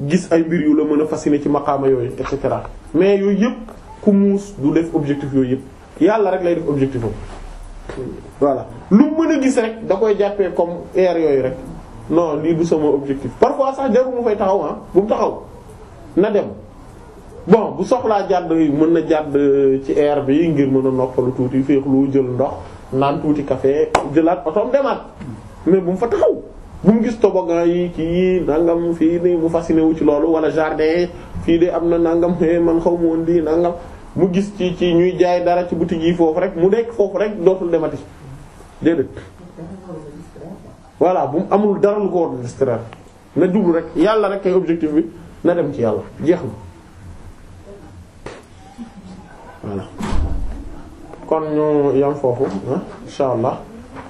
gis ay mbir yu la mën a fasciner ci maqaama yooyu et cetera mais yooyu yëpp ku muus du def objectif yooyu yëpp yàlla rek lay def objectif am voilà lu mën a gis rek da koy jàppee comme air yooyu rek non lii du sama objectif parfois sax jarul mu fay taxaw ah bu mu taxaw na dem bon bu soxlaa jàdd mën na jàdd ci air bi ngir mën a noppalu tuuti féex lu jël ndox naan tuuti kafe jëlaat otoom demaat mais bu mu fa taxaw. bu mu gis toboggan yi kii nangam fii nii mu fasciné wu ci loolu wala jardin fii de am na nangam eh, man xaw ma woon di nangam mu gis ci ci ñuy jaay dara ci boutique yi foofu rek mu nekk foofu rek dootul demati déedéet. voilà bu mu amul dara lu ko war na jublu rek yàlla rek kay objectif bi na dem ci yàlla jeex na voilà kon ñu yam foofu ah incha allah.